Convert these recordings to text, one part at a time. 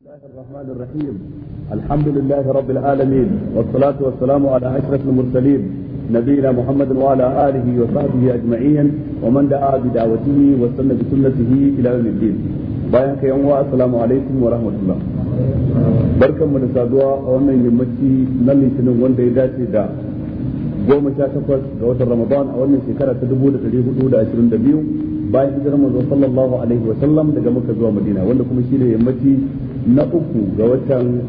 الله الرحمن الرحيم الحمد لله رب العالمين والصلاة والسلام على أشرف المرسلين نبينا محمد وعلى آله وصحبه أجمعين ومن دعا بدعوته واستنى بسنته إلى يوم الدين bayan ka yanwa assalamu alaikum wa rahmatullah barkanmu da saduwa a wannan yammaci na litinin wanda ya dace da goma sha takwas ga watan ramadan a wannan shekara ta dubu da dari hudu da ashirin da biyu bayan hijirar manzo sallallahu alaihi wa sallam daga muka zuwa madina wanda kuma shi ne yammaci na uku ga watan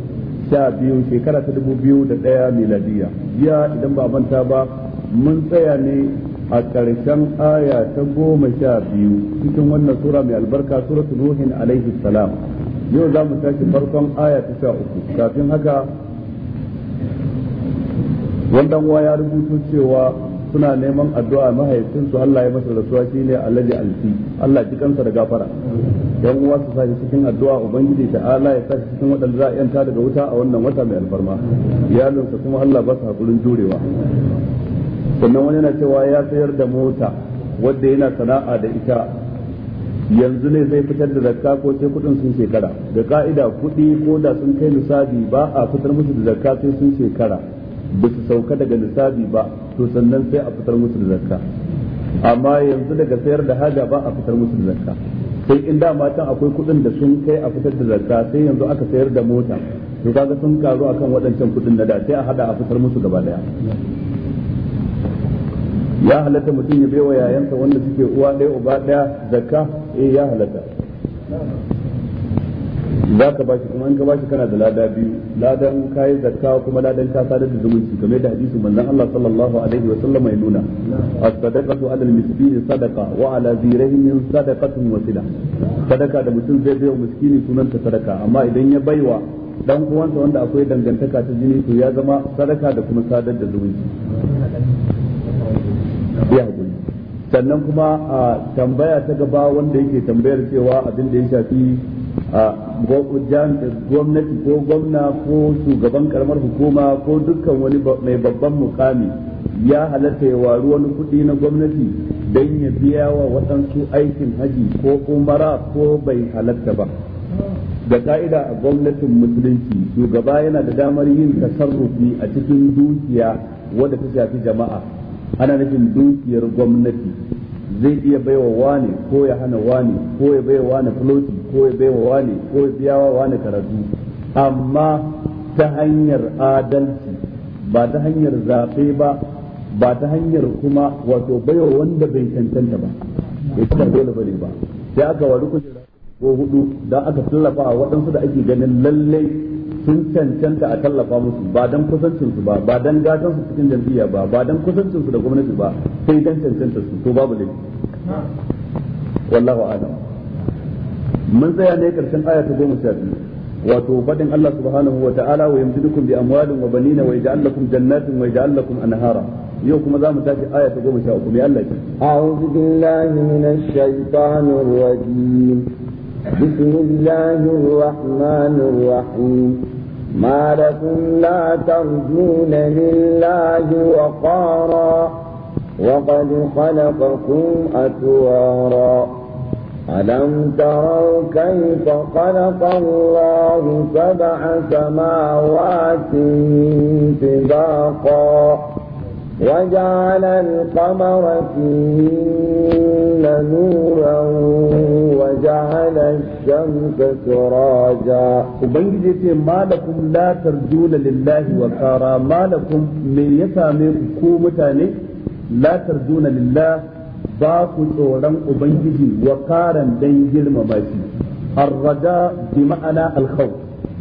sha biyu shekara ta dubu biyu da ɗaya miladiya ya idan ba manta ba mun tsaya ne a ƙarshen aya ta goma sha biyu cikin wannan sura mai albarka suratul nuhin alaihi salam yau za mu tashi farkon aya ta sha uku kafin haka wanda wa ya rubuto cewa suna neman addu'a mahaifinsu Allah ya masa rasuwa shine alaji Alfi Allah ji kansa da gafara yan uwa su sashi cikin addu'a ubangiji ta Allah ya sa cikin wadanda za a yanta daga wuta a wannan wata mai alfarma iyalinsa kuma Allah ba su hakurin jurewa sannan wani yana cewa ya sayar da mota wadda yana sana'a da ita yanzu ne zai fitar da zakka ko sai kudin sun shekara da ka'ida kudi ko da sun kai nisabi ba a fitar musu da zakka sai sun shekara ba su sauka daga nisabi ba to sannan sai a fitar musu da zakka amma yanzu daga sayar da haja ba a fitar musu da zakka sai in da matan akwai kuɗin da sun kai a fitar da zakka sai yanzu aka sayar da mota to kaga sun karu akan waɗancan kuɗin na da sai a hada a fitar musu gaba daya ya halatta mutum ya bai wa yayansa wanda suke uwa ɗaya uba ɗaya zakka eh ya halatta za ka bashi kuma in ka bashi kana da lada biyu ladan kayi zakka kuma ladan ka sadar da zumunci kamar da hadisi manzon Allah sallallahu alaihi wa sallam ya nuna as-sadaqatu 'ala al-miskin sadaqa wa 'ala dhirayhin sadaqatun wasila sadaka da mutum zai bayar miskini sunan ta sadaka amma idan ya baiwa dan uwansa wanda akwai dangantaka ta jini to ya zama sadaka da kuma sadar da zumunci ya sannan kuma tambaya ta gaba wanda yake tambayar cewa abin da ya shafi Eh, gwamnati ko gwamna ko shugaban karamar hukuma ko dukkan wani mai babban mukami ya halatta ya waru wani kuɗi na gwamnati don ya biya wa waɗansu aikin haji ko umara ko bai halatta ba da ka'ida a gwamnatin musulunci shugaba yana da damar yin tasarrufi a cikin dukiya wadda ta shafi jama'a ana nufin dukiyar gwamnati zai iya baiwa wani ko ya hana wani ko ya baiwa wani floti ko ya baiwa wani ko ya biyawa wani karatu amma ta hanyar adalci ba ta hanyar zaɓe ba ba ta hanyar kuma wato baiwa wanda bai cancanta ba ya kuma dole bane ba sai aka wari kujera ko hudu dan aka tallafa a waɗansu da ake ganin lallai sun cancanta a tallafa musu ba dan kusancinsu ba ba dan gatan su cikin jam'iyya ba ba dan kusancinsu da gwamnati ba sai dan cancanta su to babu laifi wallahu a'lam mun tsaya ne karshen aya ta goma sha biyu wato fadin Allah subhanahu wa ta'ala wa yamdidukum bi amwalin wa banina wa yaj'al lakum jannatin wa yaj'al lakum anhara yau kuma za mu tashi aya ta goma sha uku mai Allah ce a'udhu billahi minash shaitanir rajim بسم الله الرحمن الرحيم ما لكم لا ترجون لله وقارا وقد خلقكم أتوارا ألم تروا كيف خلق الله سبع سماوات طباقا وجعل القمر فيهن نورا وجعل الشمس سراجا وبنجيتي ما لكم لا ترجون لله وقارا ما لكم من يسامي كومتاني لا ترجون لله باكو تورم وبنجيتي وقارا بين جلم الرجاء بمعنى الخوف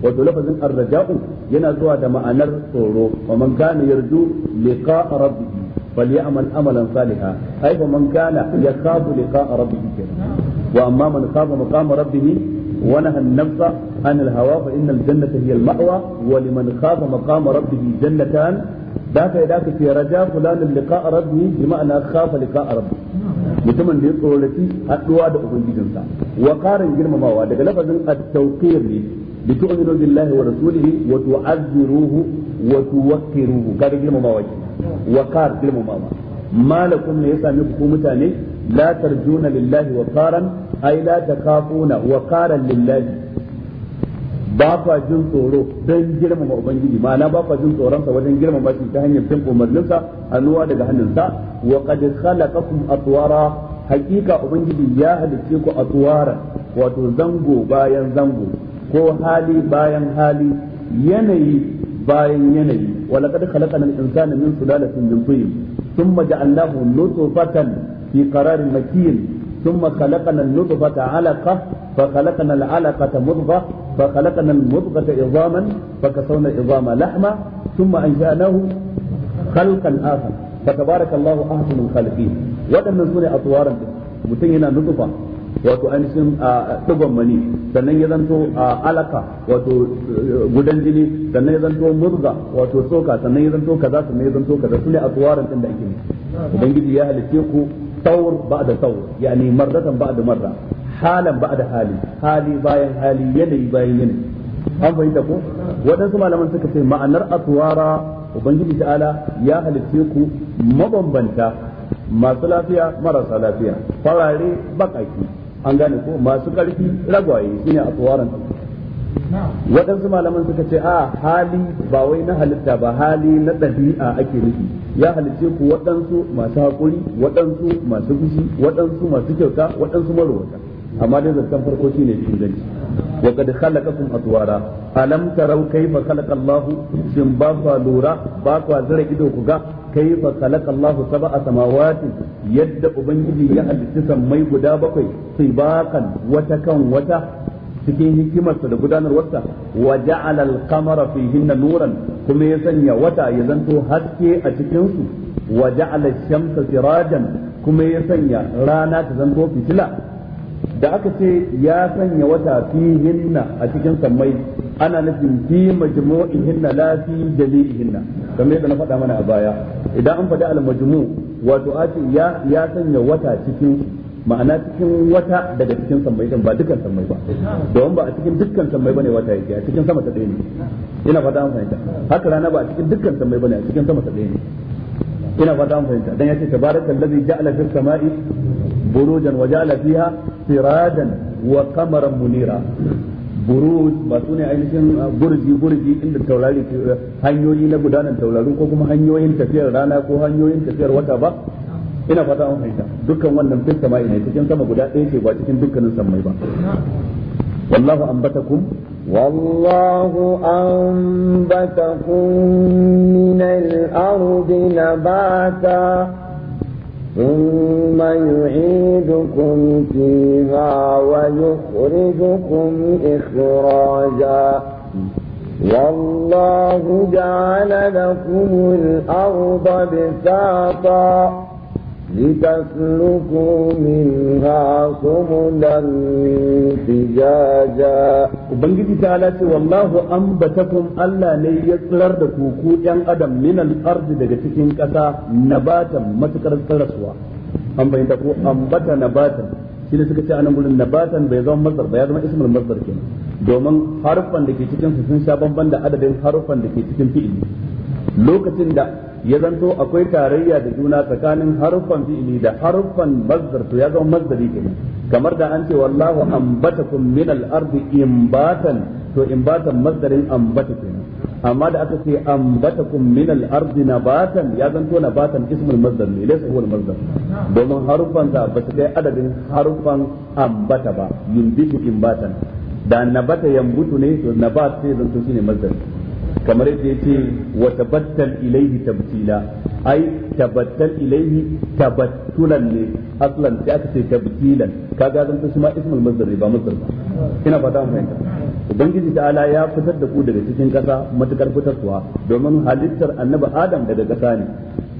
wato lafazin arraja'u yana zuwa da ma'anar tsoro wa man kana yarju liqa'a rabbih falyamal amalan salihan ai wa man kana yakhafu liqa'a rabbih wa amma man khafa maqama rabbih ونهى النفس عن الهوى فإن الجنة هي المأوى ولمن خاف مقام ربه جنتان ذاك ذاك في رجاء فلان لقاء ربه بمعنى خاف لقاء ربه mutumin da ya tsoraci haɗuwa da ubangijinsa wa ƙarin girmamawa daga lafazin at-tawqir ne لتؤمنوا بالله ورسوله وتعذروه وتوقروه قال كلمة ما وجه وقار كلمة ما ما لكم ليس منكم لا ترجون لله وقارا أي لا تخافون وقارا لله don girmama ubangiji ma'ana ba jin tsoronsa wajen girmama shi ta hanyar bin umarninsa hannuwa daga hannunsa wa qad khalaqakum ya halicce ku atwara zango bayan zango ko hali bayan hali yanayi bayan yanayi ولقد خلقنا الإنسان من سلالة من طين ثم جعلناه نطفة في قرار مكين ثم خلقنا النطفة علقة فخلقنا العلقة مضغة فخلقنا المضغة عظاما فكسونا العظام لحما ثم أنشأناه خلقا آخر فتبارك الله أحسن الخالقين وكان من سنة أطوارا mutum yana nutsufa wato ainihin dugon mani sannan ya zanto alaka wato gudan jini sannan ya zanto murza wato soka sannan ya zanto kaza sannan ya zanto kaza sune tsawarin din da ake yi ubangiji ya halice ku tawr ba'da tawr yani marratan ba'da marra halan ba'da hali hali bayan hali yanayi bayan yanayi an fahimta ko waɗansu malaman suka ce ma'anar atwara ubangiji ta'ala ya halice ku mabambanta masu lafiya marasa lafiya farare bakaki an gane ko masu karfi ragwaye shine aswaran waɗansu malaman suka ce a hali ba wai na halitta ba hali na ɗabi'a ake nufi ya halice ku waɗansu masu haƙuri waɗansu masu fushi waɗansu masu kyauta waɗansu marowata amma dai kan farko shine ne inganci wa kad khalaqakum atwara alam taraw kayfa khalaqa Allah shin ba lura ba ku zira ido ku ga kayfa khalaqa Allah sab'a samawati yadda ubangiji ya halitta mai guda bakwai sibakan wata kan wata cikin hikimarsa da gudanarwarsa wa ja'ala al-qamara fihinna nuran kuma ya sanya wata ya zanto haske a cikin su wa ja'ala shamsa sirajan kuma ya sanya rana ta zanto fitila da aka ce ya sanya wata fi hinna a cikin sammai ana nufin fi majmu'ihinna la fi jali'ihinna kamar yadda na faɗa mana a baya idan an faɗi al-majmu wato a ce ya ya sanya wata cikin ma'ana cikin wata daga cikin sammai din ba dukkan sammai ba domin ba a cikin dukkan sammai bane wata yake a cikin sama ta ɗaya ne ina faɗa mana fahimta haka rana ba a cikin dukkan sammai bane a cikin sama ta ɗaya ne ina faɗa mana fahimta dan yace tabarakallazi ja'ala fis sama'i burujan wa ja'ala fiha siradan wa qamaran munira buruj ba su ne ainihin ah, burji burji inda taurari eh, hanyoyi na gudanar taurarin ko kuma hanyoyin tafiyar rana ko hanyoyin wata ba ina fata an haita dukkan wannan sama'i ne cikin sama guda ɗaya ce ba cikin dukkanin sammai ba wallahu anbatakum wallahu bata ardi nabata ثم يعيدكم فيها ويخرجكم إخراجا والله جعل لكم الأرض بساطا لتسلكوا منها سبلا فجاجا وبنجد تعالى والله أنبتكم ألا ليسلر دكوكو ين أدم من الأرض دكتكين كسا نباتا متكر الترسوة أم بين أنبتا نباتا shi suka ce anan gurin nabatan bai zama masdar ba ya zama ismul masdar kenan domin harufan da ke cikin su sun sha adadin harufan da ke cikin fi'ili lokacin da ya zanto akwai tarayya da juna tsakanin harfan fi'ili da haruffan mazdar to ya zama mazdari ke. kamar da an ce wallahu ambatakum min al-ardi imbatan to imbatan mazdarin ambata kenan amma da aka ce ambatakum min al-ardi nabatan ya zanto nabatan ismul masdar ne laysa huwa al domin haruffan da ba su kai adadin haruffan ambata ba yumbitu imbatan da nabata yambutu ne to nabat sai zanto shine masdar kamar yadda ya ce wa tabattal ilaihi tabtila ai tabattal ilaihi tabattulan ne aslan sai aka ce tabtilan kaga zan tashi ma ismul masdar ba mazdar ba ina fata mu fahimta ubangiji ala ya fitar da ku daga cikin kasa matukar fitarwa domin halittar annabi adam daga kasa ne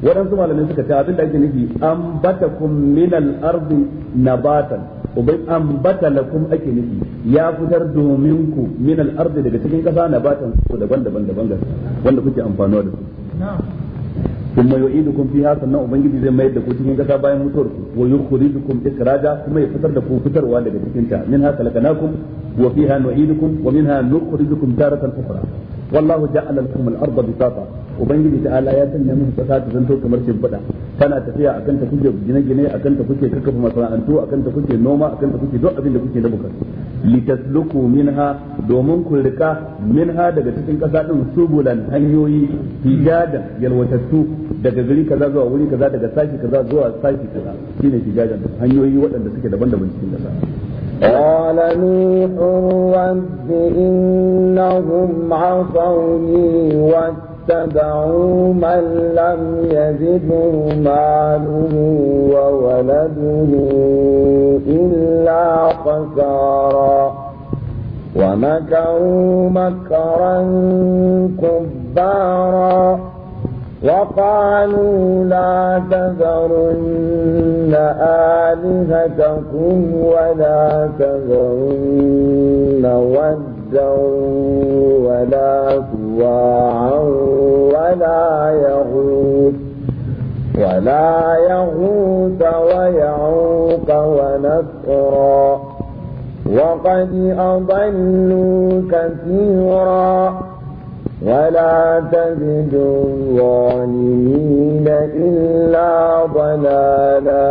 waɗansu malamai suka ce abin da ake nufi ambatakum min al-ardi nabatan ubai ambata lakum ake nufi ya fitar domin ku minal arzi daga cikin kasa nabatan su daban-daban daban wanda kuke amfanuwa da su sannan ubangiji zai mayar da ku cikin bayan mutuwar ku wa yukhrijukum ikraja kuma ya fitar da ku fitarwa daga cikin ta min haka wa nu'idukum wa wallahu ja'ala lakum al bisata ubangiji ta ala ya sanya musu kasa ta zanto kamar shimfiɗa tana tafiya akan ta kuke gine-gine akan ta kuke kakkafa masana'antu akan ta kuke noma akan ta kuke duk abin da kuke na bukatu litasluku minha domin ku rika minha daga cikin kasa din subulan hanyoyi hijadan yalwatattu daga gari kaza zuwa wuri kaza daga sashi kaza zuwa sashi kaza shine hijadan hanyoyi waɗanda suke daban-daban cikin kasa قال نوح رب إنهم عصوني واتبعوا اتبعوا من لم يزده ماله وولده إلا خسارا ومكروا مكرا كبارا وقالوا لا تذرن آلهتكم ولا تذرن ود عزا ولا سواعا ولا يغوث ولا يغوث ويعوق ونسرا وقد أضلوا كثيرا ولا تجد الظالمين إلا ضلالا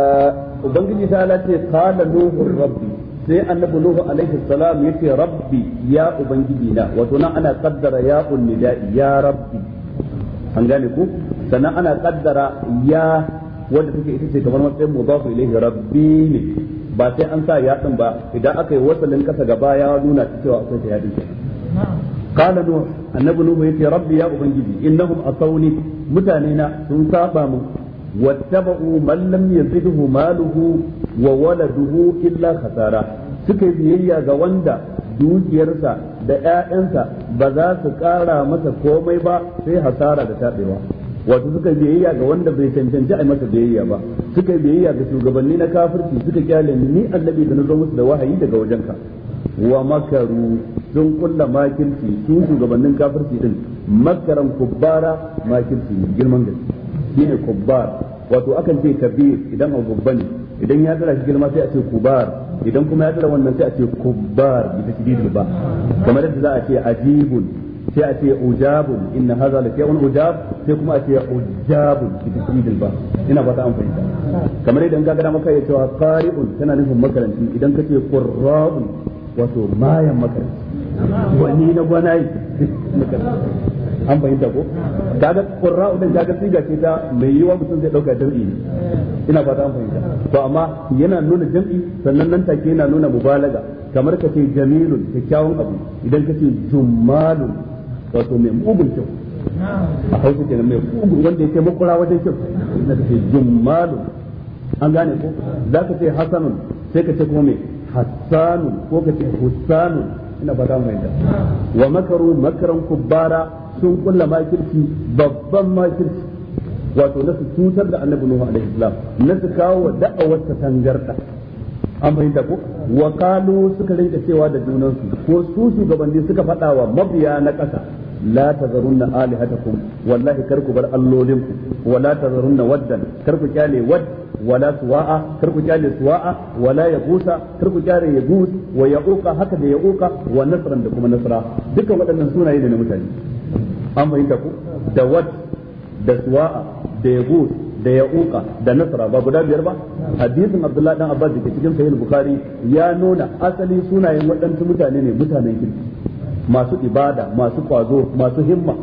وبنجي سالتي قال نوح ربي sai annabi nuhu alaihi salam yace rabbi ya ubangiji na wato nan ana kaddara ya nida'i ya rabbi an gane ku sannan ana kaddara ya wanda take ita ce kamar matsayin mudafu ilaihi rabbi ne ba sai an sa ya ba idan aka yi wasalin kasa gaba ya nuna ta cewa akwai ta ya din قال نوح النبي نوح يتي ربي يا أبنجدي إنهم أصوني متانينا سنصابهم واتبعوا من لم يزده ماله وولده إلا خسارة suka yi biyayya ga wanda dukiyarsa da 'ya'yansa ba za su ƙara masa komai ba sai hasara da taɓewa wato suka biyayya ga wanda bai cancanci a masa biyayya ba suka biyayya ga shugabanni na kafirci suka kyale ni annabi da nazo musu da wahayi daga wajenka wa makaru sun kulla makirci su shugabannin kafirci din makaran kubbara makirci ne girman gaske shine kubbar wato akan ce kabir idan abu babba ne idan ya tsara shi girma sai a ce kubar idan kuma ya tsara wannan sai a ce kubbar bi ba kamar yadda za a ce ajibun sai a ce ujabun inna hadha la shay'un ujab sai kuma a ce ujabun bi ba ina ba ta an fahimta kamar idan ka ga dama kai cewa qari'un tana nufin makaranti idan ka ce qurra'un wato mayan makaranti wani na gwanayi an fahimta ko kaga qurra udan kaga siga ce ta mai yiwa mutum zai dauka jami'i ne ina fata an fahimta to amma yana nuna jami'i sannan nan take yana nuna mubalaga kamar ka ce jamilun kyakkyawan abu idan ka ce jummalun wato mai mugun kyau a hausa kenan mai mugun wanda yake makura wajen kyau na ka ce jummalun an gane ko za ka ce hasanun sai ka ce kuma mai hassanun ko ka ce hussanun ina fata an fahimta wa makaru makaran kubbara sun kulla makirci babban makirci wato na su cutar da annabi nuhu alaihi salam na su kawo da'awar ta tangarda an fahimta ko wa kalu suka rinka cewa da junansu ko su shugabanni suka faɗa wa mabiya na ƙasa la tazarunna alihatakum wallahi kar ku bar allolinku wala tazarunna waddan kar ku kyale wad wala suwa'a kar ku kyale suwa'a wala yaqusa kar ku kyale yaqus wa yauqa haka da yauqa wa nasran da kuma nasra dukan waɗannan sunaye ne na mutane da wad da suwa'a da da ya uka da nasara ba guda biyar ba hadisin abdullahi dan abbas da ke cikin sahih bukhari ya nuna asali sunayen waɗansu mutane ne mutanen kirki masu ibada masu kwazo masu himma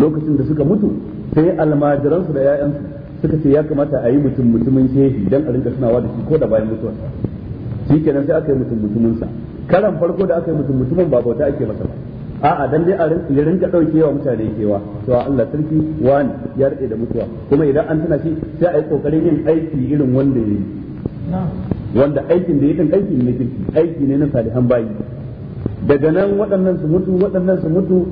lokacin da suka mutu sai almajiransu da 'ya'yansu suka ce ya kamata a yi mutum mutumin shehi dan a rinka sunawa da shi ko da bayan mutuwa shi kenan sai aka yi mutum mutumin sa karan farko da aka yi mutum mutumin ba bauta ake masa ba a'a dan dai a rinka dauke daukewa mutane kewa to Allah sarki wani ya rike da mutuwa kuma idan an tana shi sai a yi kokarin yin aiki irin wanda yayi wanda aikin da yake aikin ne aiki ne na salihan bayi daga nan waɗannan su mutu waɗannan su mutu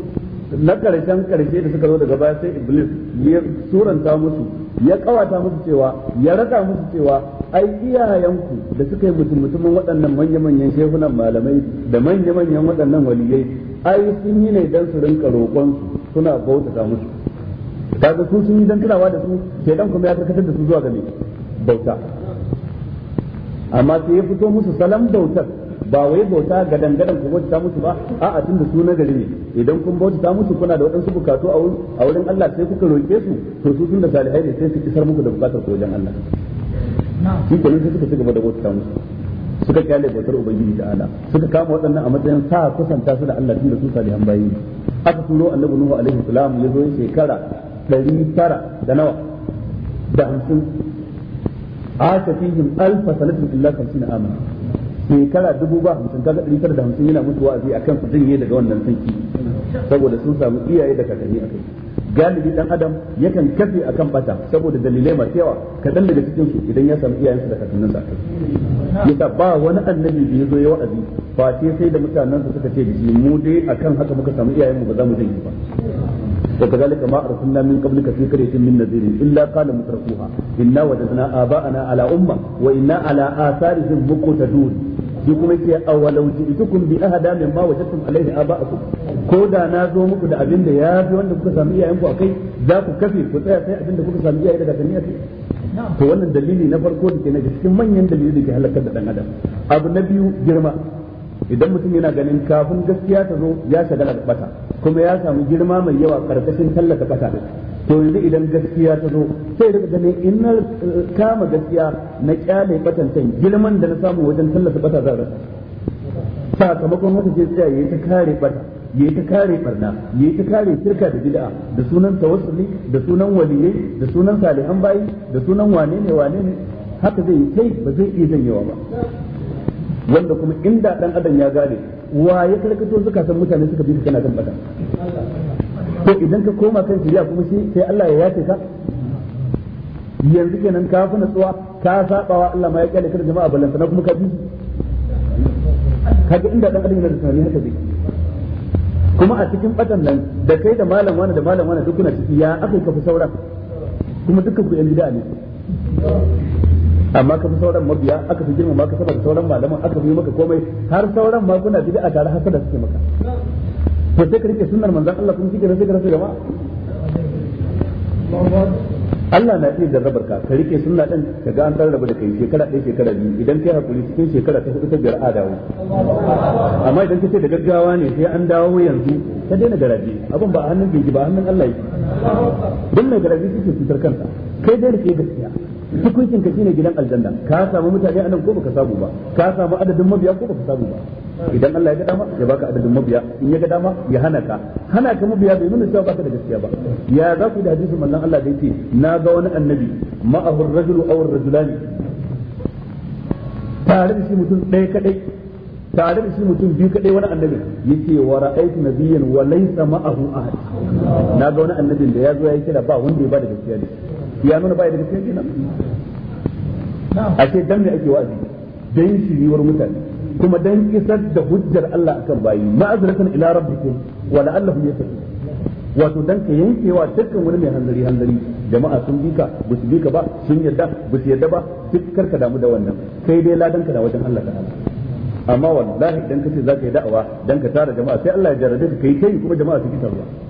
na ƙarshen ƙarshe da suka zo daga baya sai iblis ya suranta musu ya kawata musu cewa ya raka musu cewa ai iyayenku da suka yi mutum mutumin waɗannan manya-manyan shehunan malamai da manya-manyan waɗannan waliyai ai sun yi ne dan su rinka roƙon suna bautata musu kaga su sun yi dan tunawa da su ɗan kuma ya karkatar da su zuwa ga me bauta amma sai ya fito musu salam bautar ba wai bauta ga dangaren ku bauta musu ba a'a tunda su na gari ne idan kun bauta musu kuna da waɗansu bukatu a wurin Allah sai kuka roƙe su to su tunda salihai ne sai su kisar muku da bukatar ku wajen Allah shi kenan sai suka ci gaba da bauta musu suka kyale bautar ubangiji da ala suka kama waɗannan a matsayin sa kusanta su da Allah tunda su salihan bayi aka turo annabi nuhu alaihi salam ya zo shekara ɗari tara da nawa da hamsin a fihim alfa sanatin illa kamsin amana shekara dubu ba hamsin kaga ɗari tara da hamsin yana mutu wa'azi akan su janye daga wannan sanki saboda sun samu iyaye da kakanni a kai. galibi dan adam yakan kafe akan bata saboda dalilai masu yawa kaɗan daga cikin su idan ya samu iyayensa da kakannin sa yasa ba wani annabi da zo ya wa'azi ba sai sai da mutanen suka ce da shi mu dai akan haka muka samu iyayenmu ba za mu janye ba وكذلك ما أرسلنا من قبلك في قرية من نذير إلا قال مترفوها إنا وجدنا آباءنا على أمة وإنا على آثارهم مقتدون shi kuma ce awalau ji'tukum bi ahada mimma wajadtum alaihi aba'akum ko da na zo muku da abin da ya fi wanda kuka sami iyayenku akai za ku kafe ku tsaya kai abin kuka sami iyaye daga kanni akai to wannan dalili na farko da ke daga cikin manyan dalilai da ke halakar da dan adam abu na biyu girma idan mutum yana ganin kafin gaskiya ta zo ya shagala da kuma ya samu girma mai yawa karkashin tallata kasa to yanzu idan gaskiya ta zo sai da ganin in na eh, kama gaskiya na kyale batantan girman da na samu wajen tallata kasa zan rasa sakamakon haka sai tsaya yayi ta kare bata yayi ta kare barna yayi ta kare shirka da bid'a da sunan tawassuli da sunan waliyai da sunan salihan bayi da sunan wane ne wane ne haka zai yi kai ba zai iya yawa ba wanda kuma inda dan adam ya gane wa ya karkato suka san mutane suka bi kana kan bata to idan ka koma kan shirya kuma shi sai Allah ya yace ka yanzu kenan ka fa natsuwa ka saba wa Allah ma ya kyale ka jama'a ballantana kuma ka bi kaga inda dan adam yana da tunani haka zai kuma a cikin badan nan da kai da malam wani da malam wani duk kuna ciki ya aka ka fi saura kuma dukkan ku yan gida ne amma ka fi sauran mabiya aka fi girmama ka saboda sauran malaman aka fi maka komai har sauran ma kuna bi a tare hasada suke maka to sai ka rike sunnar manzon Allah kuma kike sai ka rasa gaba Allah na iya jarrabar ka ka rike sunna din ka ga an tsara da kai shekara ɗaya shekara biyu idan kai hakuri cikin shekara ta hudu ta biyar a dawo amma idan kace da gaggawa ne sai an dawo yanzu ka daina garaje abin ba a hannun bai ba hannun Allah yake dan garaje kike cutar kanta kai dai rike gaskiya hukuncin ka shine gidan aljanna ka samu mutane anan ko baka samu ba ka samu adadin mabiya ko baka samu ba idan Allah ya ga dama ya baka adadin mabiya in ya ga dama ya hana ka hana ka mabiya bai nuna cewa baka da gaskiya ba ya za ku da hadisin manzon Allah da yake na ga wani annabi ma'ahu ar-rajulu aw ar-rajulani tare da shi mutum ɗaya kadai tare da shi mutum biyu kadai wani annabi yake wa ra'aytu nabiyyan wa laysa ma'ahu ahad na ga wani annabi da ya zo ya kira ba wanda ya ba da gaskiya ne ya nuna baya daga cikin kenan a ce dan me ake wa'azi dan shiriwar mutane kuma dan isar da hujjar Allah akan bayi ma'azratan ila rabbikum wa la'allahum yattaqun wato dan ka yankewa dukkan wani mai hanzari hanzari jama'a sun bi ka ba su bi ka ba sun yarda ba su yarda ba duk karka damu da wannan kai dai ladan ka da wajen Allah ta'ala amma wallahi idan ka ce zaka yi da'awa dan ka tara jama'a sai Allah ya jarrabe ka kai kai kuma jama'a su ki taruwa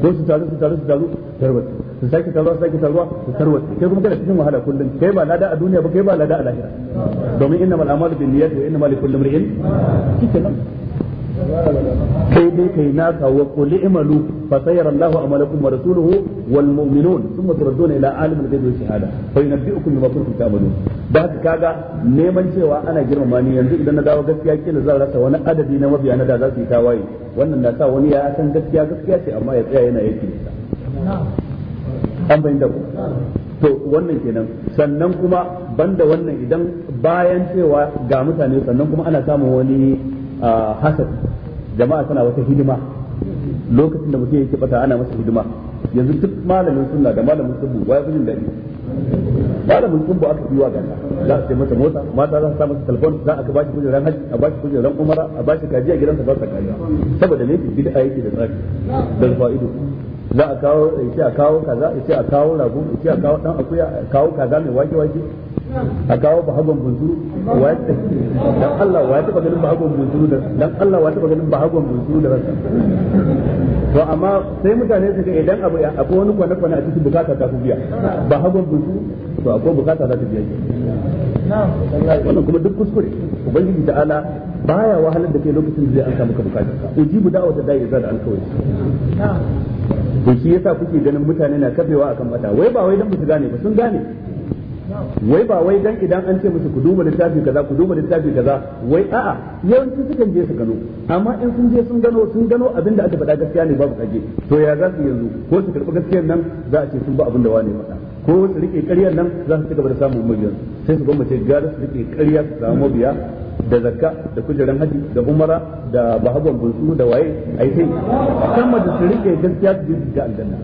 ko su taru su taru su taru tarwatsi su sake taruwa su sake taruwa su tarwatsi kai kuma kada cikin wahala kullum kai ba lada a duniya ba kai ba lada a lahira domin innamal a'malu niyyati wa innamal likulli imrin kike nan kai dai kai naka wa kulli i'malu fa sayyara Allahu amalakum wa rasuluhu wal mu'minun thumma turduna ila alimil ghaibi wa shahada fa yunabbi'ukum bima kuntum ta'malun da haka kaga neman cewa ana girmama ni yanzu idan na dawo gaskiya kina zan rasa wani adadi na mabiya na da za su yi tawaye wannan na sa wani ya san gaskiya gaskiya ce amma ya tsaya yana yake an bayyana da to wannan kenan sannan kuma banda wannan idan bayan cewa ga mutane sannan kuma ana samun wani hasad jama'a suna wata hidima lokacin da mutum yake bata ana masa hidima yanzu duk malamin sunna da malamin subu wa ya gudun dadi malamin subu aka yi wa ganda za a ce masa mota mata za su sa masa telefon za a bashi kujeran hajji a bashi kujeran umara a bashi kaji a gidansa ba sa kaji saboda ne bid'a yake da tsari da fa'ido za a kawo ya ce a kawo kaza ya ce a kawo rago ya ce a kawo dan akuya a kawo kaza mai wake wake a kawo bahagon bunsuru dan Allah wa taba ganin bahagon bunsuru da dan Allah wa taba ganin bahagon bunsuru da ransa to amma sai mutane su ga idan abu akwai wani kwana kwana a cikin bukata ta biya bahagon bunsuru to akwai bukata za ta biya wannan kuma duk kuskure ubangiji ta'ala baya wahalar da kai lokacin da zai an samu ka bukata ujibu da'wata da'i zar alkawari to shi yasa kuke ganin mutane na kafewa akan mata wai ba wai dan musu gane ba sun gane wai ba wai dan idan an ce musu ku duba littafi kaza ku duba littafi kaza wai a'a yawanci sukan je su gano amma in sun je sun gano sun gano abin da aka faɗa gaskiya ne babu kage to ya za su yanzu ko su karɓi gaskiyar nan za a ce sun ba abin da wani faɗa ko su rike ƙaryar nan za su ci da samun mabiyan sai su gwamnati gara su rike ƙarya su samu mabiya da zakka da kujeran haji da umara da bahagon bunsu da waye ai sai kan da su rike gaskiya su je su ga aljanna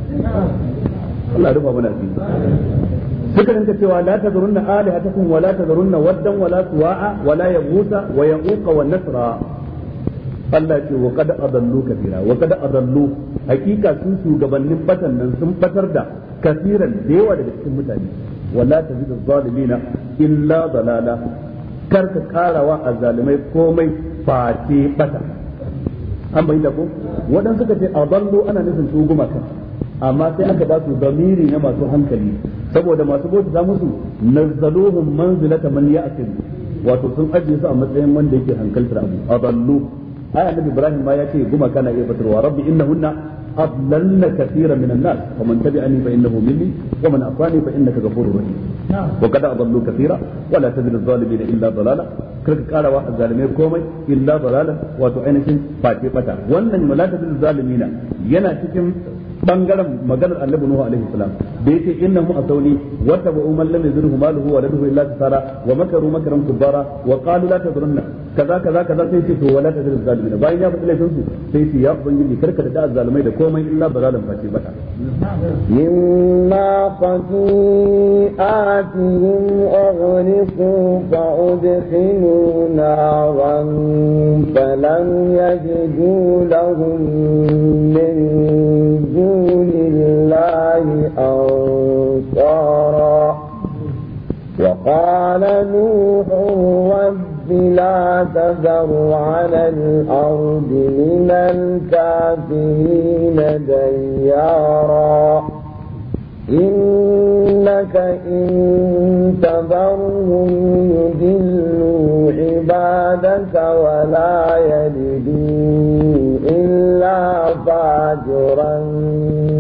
Allah rufa mana asiri suka rinka cewa la tazurunna alihatakum wa la tazurunna waddan wa la suwa'a wa la yaghutha wa yaquqa wa nasra Allah ce wa kada adallu kafira wa kada adallu hakika sun shugabannin batan nan sun batar da kafiran da yawa daga cikin mutane wala tazidu zalimina illa dalala kar ka karawa azzalimai komai face bata an bayyana ko wadan suka ce adallu ana nufin su gumaka amma sai aka ba su zamiri na masu hankali saboda masu bauta za musu nazzaluhum manzilata man ya'tin wato sun ajiye su a matsayin wanda yake hankaltar abu adallu ai annabi ibrahim ma ya ce guma kana iya fatarwa rabbi innahunna أضللن fa من الناس ومن تبعني فإنه مني ومن أطاني فإنك غفور رحيم وقد أضلوا كثيرا ولا تزل الظالمين إلا ضلالا كرك قال واحد ظالمين كومي إلا ضلالا وتعينك فاتي فتا وأن لا تزل zalimina yana cikin. bangaren maganar annabi nuhu alaihi salam da yake innahu asawni wa tabu man lam yazurhu maluhu wa laduhu illa tasara wa makaru makaran kubara wa qalu la tadrunna kaza kaza kaza sai ce to wala tadrun zalimin bayan ya faɗi laifin su sai ce ya ubangiji karka da zalimai da komai illa bazalan face bata inna mimma qati'atihim aghnisu fa udkhilu naran falam yajidu lahum min لله الله أنصارا وقال نوح رب لا تذر على الأرض من الكافرين ديارا إنك إن تذرهم يدلوا عبادك ولا يلدوا إلا فاجرا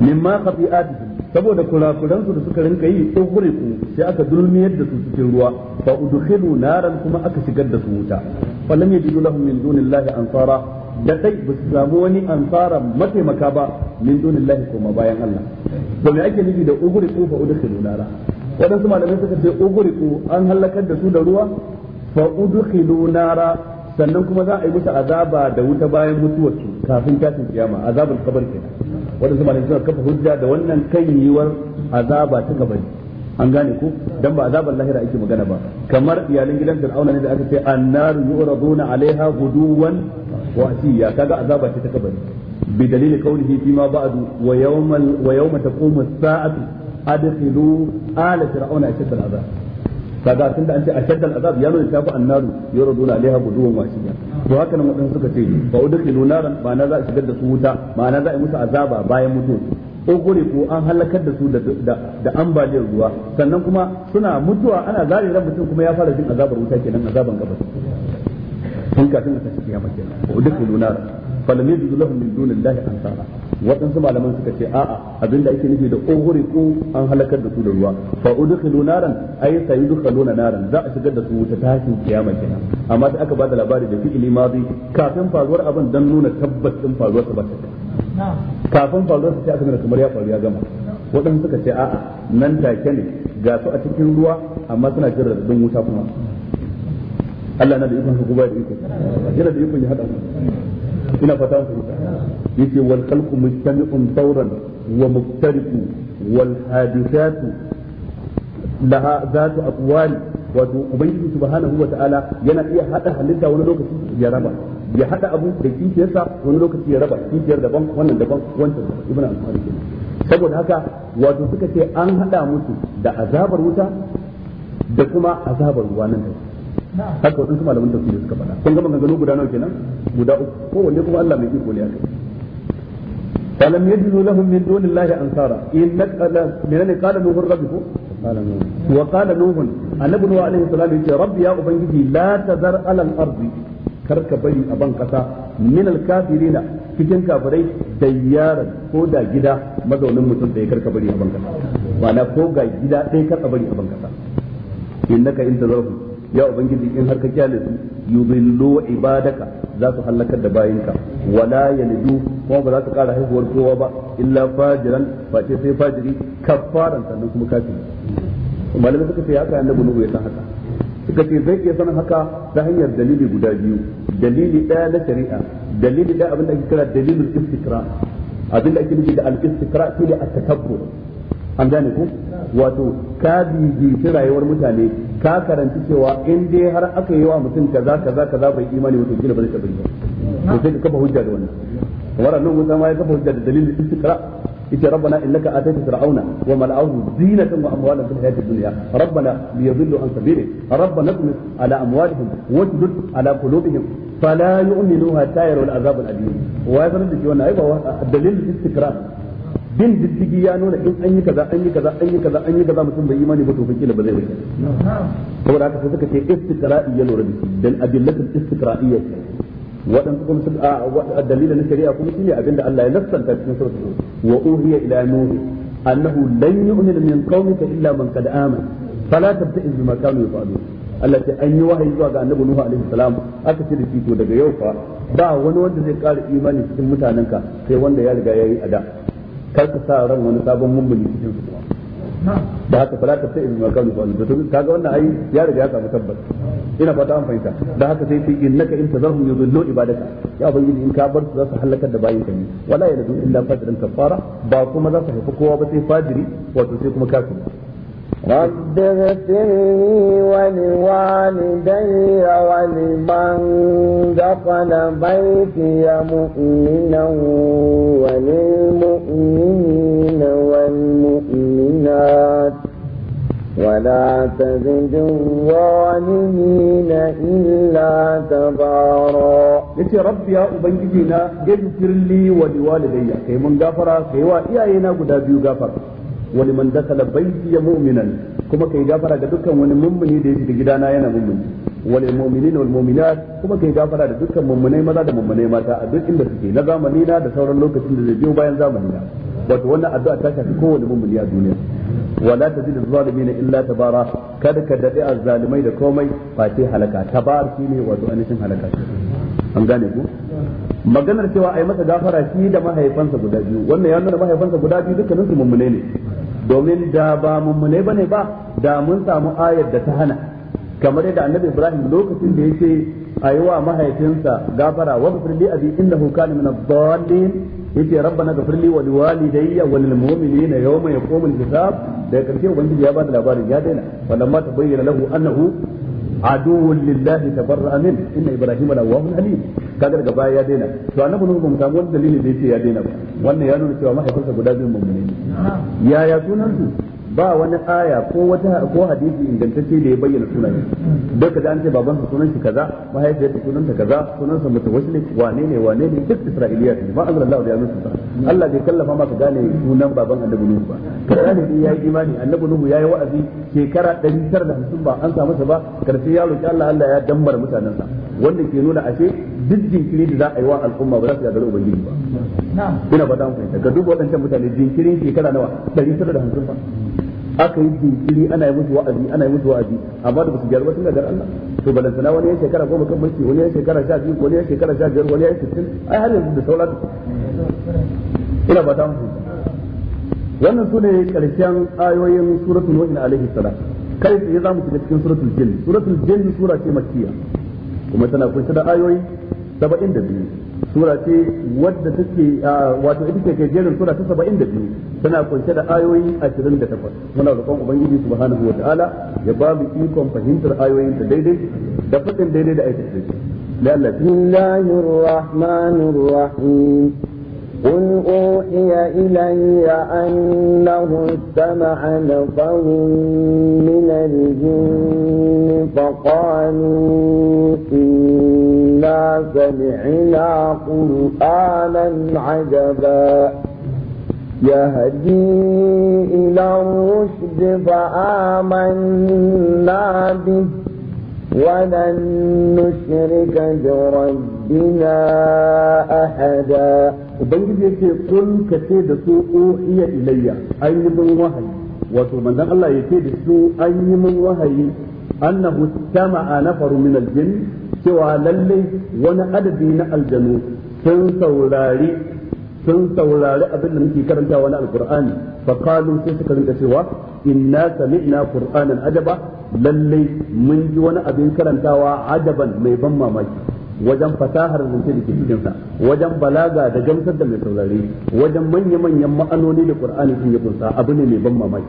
ma khati'atihim saboda kurakuran su da suka rinka yi tsogure ku sai aka dulmiyar da su cikin ruwa fa udkhilu naran kuma aka shigar da su wuta lam yajidu lahum min dunillahi ansara da dai ba su samu wani ansara mataimaka ba min dunillahi kuma bayan Allah to me ake nufi da ugure ku fa udkhilu nara wadansu malamai suka ce ugure ku an halakar da su da ruwa fa udkhilu nara sannan kuma za a yi musu azaba da wuta bayan mutuwar su kafin tashin kiyama azabul kabar kenan wanda su malai suna kafa hujja da wannan kan yiwuwar azaba ta kabari an gane ku dan ba azabar lahira ake magana ba kamar iyalan gidan fir'auna ne da aka ce annaru yuraduna alaiha guduwan wa asiya kaga azaba ce ta kabari bi dalili kaulihi fi ma ba'du wa yawmal wa yawma taqumu as-sa'atu adkhilu ala fir'auna ashadda kaga da an ce ashaddal azab ya nuna tafi annaru na alaiha guduwan wasiya to haka nan wadansu suka ce udu udkhilu naran ba na za a shigar da su wuta ba na za a yi musu azaba bayan mutuwa gure ko an halakar da su da ambaliyar ruwa sannan kuma suna mutuwa ana zare ran mutum kuma ya fara jin azabar wuta kenan azaban gabas tun kafin a tashi kiyama kenan udkhilu naran falam yajidu lahum min dunillahi ansara waɗansu malaman suka ce a'a abinda ake nufi da ohuri ko an halakar da su da ruwa fa udkhilu naran ay sayudkhiluna naran za a shigar da su wuta tashin kiyama kenan amma sai aka bada labari da fi'ili madi kafin faruwar abin dan nuna tabbas din faruwar sa bata kafin faruwar sa sai aka nuna kamar ya faru ya gama waɗansu suka ce a'a nan take ne ga su a cikin ruwa amma suna jira da dun wuta kuma Allah na da ikon hukuma da ikon yana da ikon ya hada ina fata ku yace wal khalqu mustami'un tawran wa muftariqu wal hadithatu laha zatu aqwali wato ubangiji subhanahu wa ta'ala yana iya hada halitta wani lokaci ya raba ya hada abu da kishiyarsa wani lokaci ya raba kishiyar daban wannan daban wancan daban ibn al-farid saboda haka wato suka ce an hada musu da azabar wuta da kuma azabar ruwa nan take haka wadansu malaman tafsiri suka faɗa kun ga maganganu guda nawa kenan guda uku ko wanne kuma Allah mai iko ne akai falam yajidu lahum min dunillahi ansara innaka la minani qala nuhu rabbuhu wa qala nuhu annabi wa alayhi salam yace rabbi ya ubangiji la tazar alal al-ardi karka bari a ban kasa min al-kafirina cikin kafirai dayyaran ko da gida mazaunin mutum da ya karka bari a ban kasa ba ko ga gida ɗaya karka bari a ban kasa innaka in tazarhu ya ubangiji in har ka kyale su yudillu ibadaka za su halakar da bayinka wala yalidu kuma ba za su kara haihuwar kowa ba illa fajiran face sai fajiri kafaran sannan kuma kafi Malami suka ce haka annabi nuhu ya san haka suka ce zai iya sanin haka ta hanyar dalili guda biyu dalili ɗaya na shari'a dalili ɗaya abinda ake kira dalilin istikra abinda ake nufi da al-istikra shine at-takabbur an gane ku wato ka bibi rayuwar mutane ka karanci cewa in dai har aka yi wa mutum kaza kaza kaza bai imani mutum gina ba zai tabbata to sai ka kafa hujja da wannan wannan nan musa ma ya kafa hujja da dalilin istiqra yace rabbana innaka atayta fir'auna wa mal'ahu zinatan wa amwalan fil hayatid dunya rabbana liyadhillu an sabili rabbana tumis ala amwalihim wa tudud ala qulubihim fala yu'minu hatta yarawul azab al-alim wa yazrid shi wannan ai ba dalilin istiqra bin diddigi ya nuna in an yi kaza an yi kaza an yi kaza an yi kaza mutum bai imani ba to fa kila ba zai wuce saboda haka sai suka ce istiqra'i ya lura da shi dan adillatul istiqra'iyya waɗansu kuma su a dalilin na shari'a kuma shine abinda Allah ya nassanta cikin suratul wa uhiya ila nuh annahu lan yu'mina min qaumika illa man qad amana fala tabta'iz bima kanu yafalun Allah ce an yi wahayi zuwa ga annabi Nuhu alaihi salam aka ce da shi to daga yau fa ba wani wanda zai ƙara imani cikin mutanenka sai wanda ya riga yayi ada kar ka sa ran wani sabon mummuni cikin su kuma da haka fala ta sai ma kalu qawli to kaga wannan ai ya riga ya samu tabbata ina fata an fahimta da haka sai fi innaka in tazarhum yudillu ibadaka ya ubangiji in ka bar su za su halakar da bayin kani wala yadu illa fajran kafara ba kuma za su haifa kowa ba sai fajiri wato sai kuma kafiri رب اغفر لي ولوالدي ولمن دخل بيتي مؤمنا وللمؤمنين والمؤمنات ولا تزد الظالمين إلا تبارا yace rabbi ya ubangiji na gajfir li wa liwalidayya kai mun gafara kai wa iyayena guda biyu gafara wani man dakala baiti ya mu'minan kuma kai gafara ga dukkan wani mummuni da ya gidana yana mummuni wani mu'minin wal mu'minat kuma kai gafara da dukkan mummunai maza da mummunai mata a duk inda suke na zamani na da sauran lokacin da zai biyo bayan zamani na wato wannan addu'a ta shafi kowane mummuni a duniya wala tazidu zalimina illa tabara kada ka dade azzalimai da komai face halaka tabar shine wato anishin halaka an gane ku maganar cewa a yi masa gafara shi da mahaifansa guda biyu wannan ya nuna mahaifansa guda biyu dukkanin su mummune ne domin da ba mummune bane ba da mun samu ayar da ta hana kamar yadda annabi ibrahim lokacin da yake a yi wa mahaifinsa gafara wa gafir li abi innahu kana min ad-dallin yace rabbana gafir li wa liwalidayya wa lil mu'minina yawma yaqumul hisab da karshe ubangiji ya ba da labarin ya daina walamma tabayyana lahu annahu aduwwun lillahi tabarra min inna ibrahima la wahun ali kaga daga baya ya daina to annabi nuhu ba mu samu dalili da yace ya daina ba wannan ya nuna cewa mahaifinsa guda biyun mummune ne yaya sunan su ba wani aya ko wata ko hadisi ingantacce da ya bayyana sunan shi duk da an ce baban sa sunan shi kaza mahaifiyar ta sunan ta kaza sunan sa mutawassili wane ne wane ne duk isra'iliya ne ma azza Allah da yamin sa Allah bai kallafa maka gane sunan baban annabi Nuhu ba kada ne ya yi imani annabi Nuhu yayi wa'azi shekara 950 ba an samu sa ba karshe ya roki Allah Allah ya dambar mutanen sa wanda ke nuna ashe duk jinkiri da za a yi wa al'umma ba za su yagare ubangiji ba ina ba ta mu fahimta ka duba waɗancan mutane jinkirin shekara nawa 950 ba aka yi jinkiri ana yi musu wa'azi ana yi musu wa'azi amma da basu gyaru ba sun ga Allah to balan sana wani ya shekara goma kan mulki wani ya shekara sha biyu wani ya shekara sha biyar wani ya sittin ai har yanzu da saura ina ba ta mutu wannan su ne karshen ayoyin suratul nuhin alaihi salam kai tsaye za mu shiga cikin suratul jinn suratul jinn sura ce makkiya kuma tana kunshe da ayoyi 72 sura ce wadda take wato ita ce jerin sura ta 72 tana kunshe da ayoyi 28 muna roƙon ubangiji subhanahu wa ta'ala ya ba mu ikon fahimtar ayoyin ta daidai da fadin daidai da aikata daidai lillahi rahmanir rahim قل أوحي إلي أنه استمع نفر من الجن فقالوا إنا سمعنا قرآنا عجبا يهدي إلى الرشد فآمنا به ولن نشرك بربنا أحدا ubangiji yake kun ka ce da su iya ilayya an yi mun wahayi wato manzon Allah yake da su an yi mun wahayi annahu sama'a nafaru min aljin cewa lalle wani adadi na aljanu sun saurari sun saurari abin da muke karanta wani alqur'ani fa qalu sai suka rinka cewa inna sami'na qur'anan ajaba lalle mun ji wani abin karantawa ajaban mai ban mamaki wajen fasahar zance da ke wajen balaga da gamsar da mai saurare wajen manya-manyan ma'anoni da Qur'ani sun ya kunsa abu ne mai ban mamaki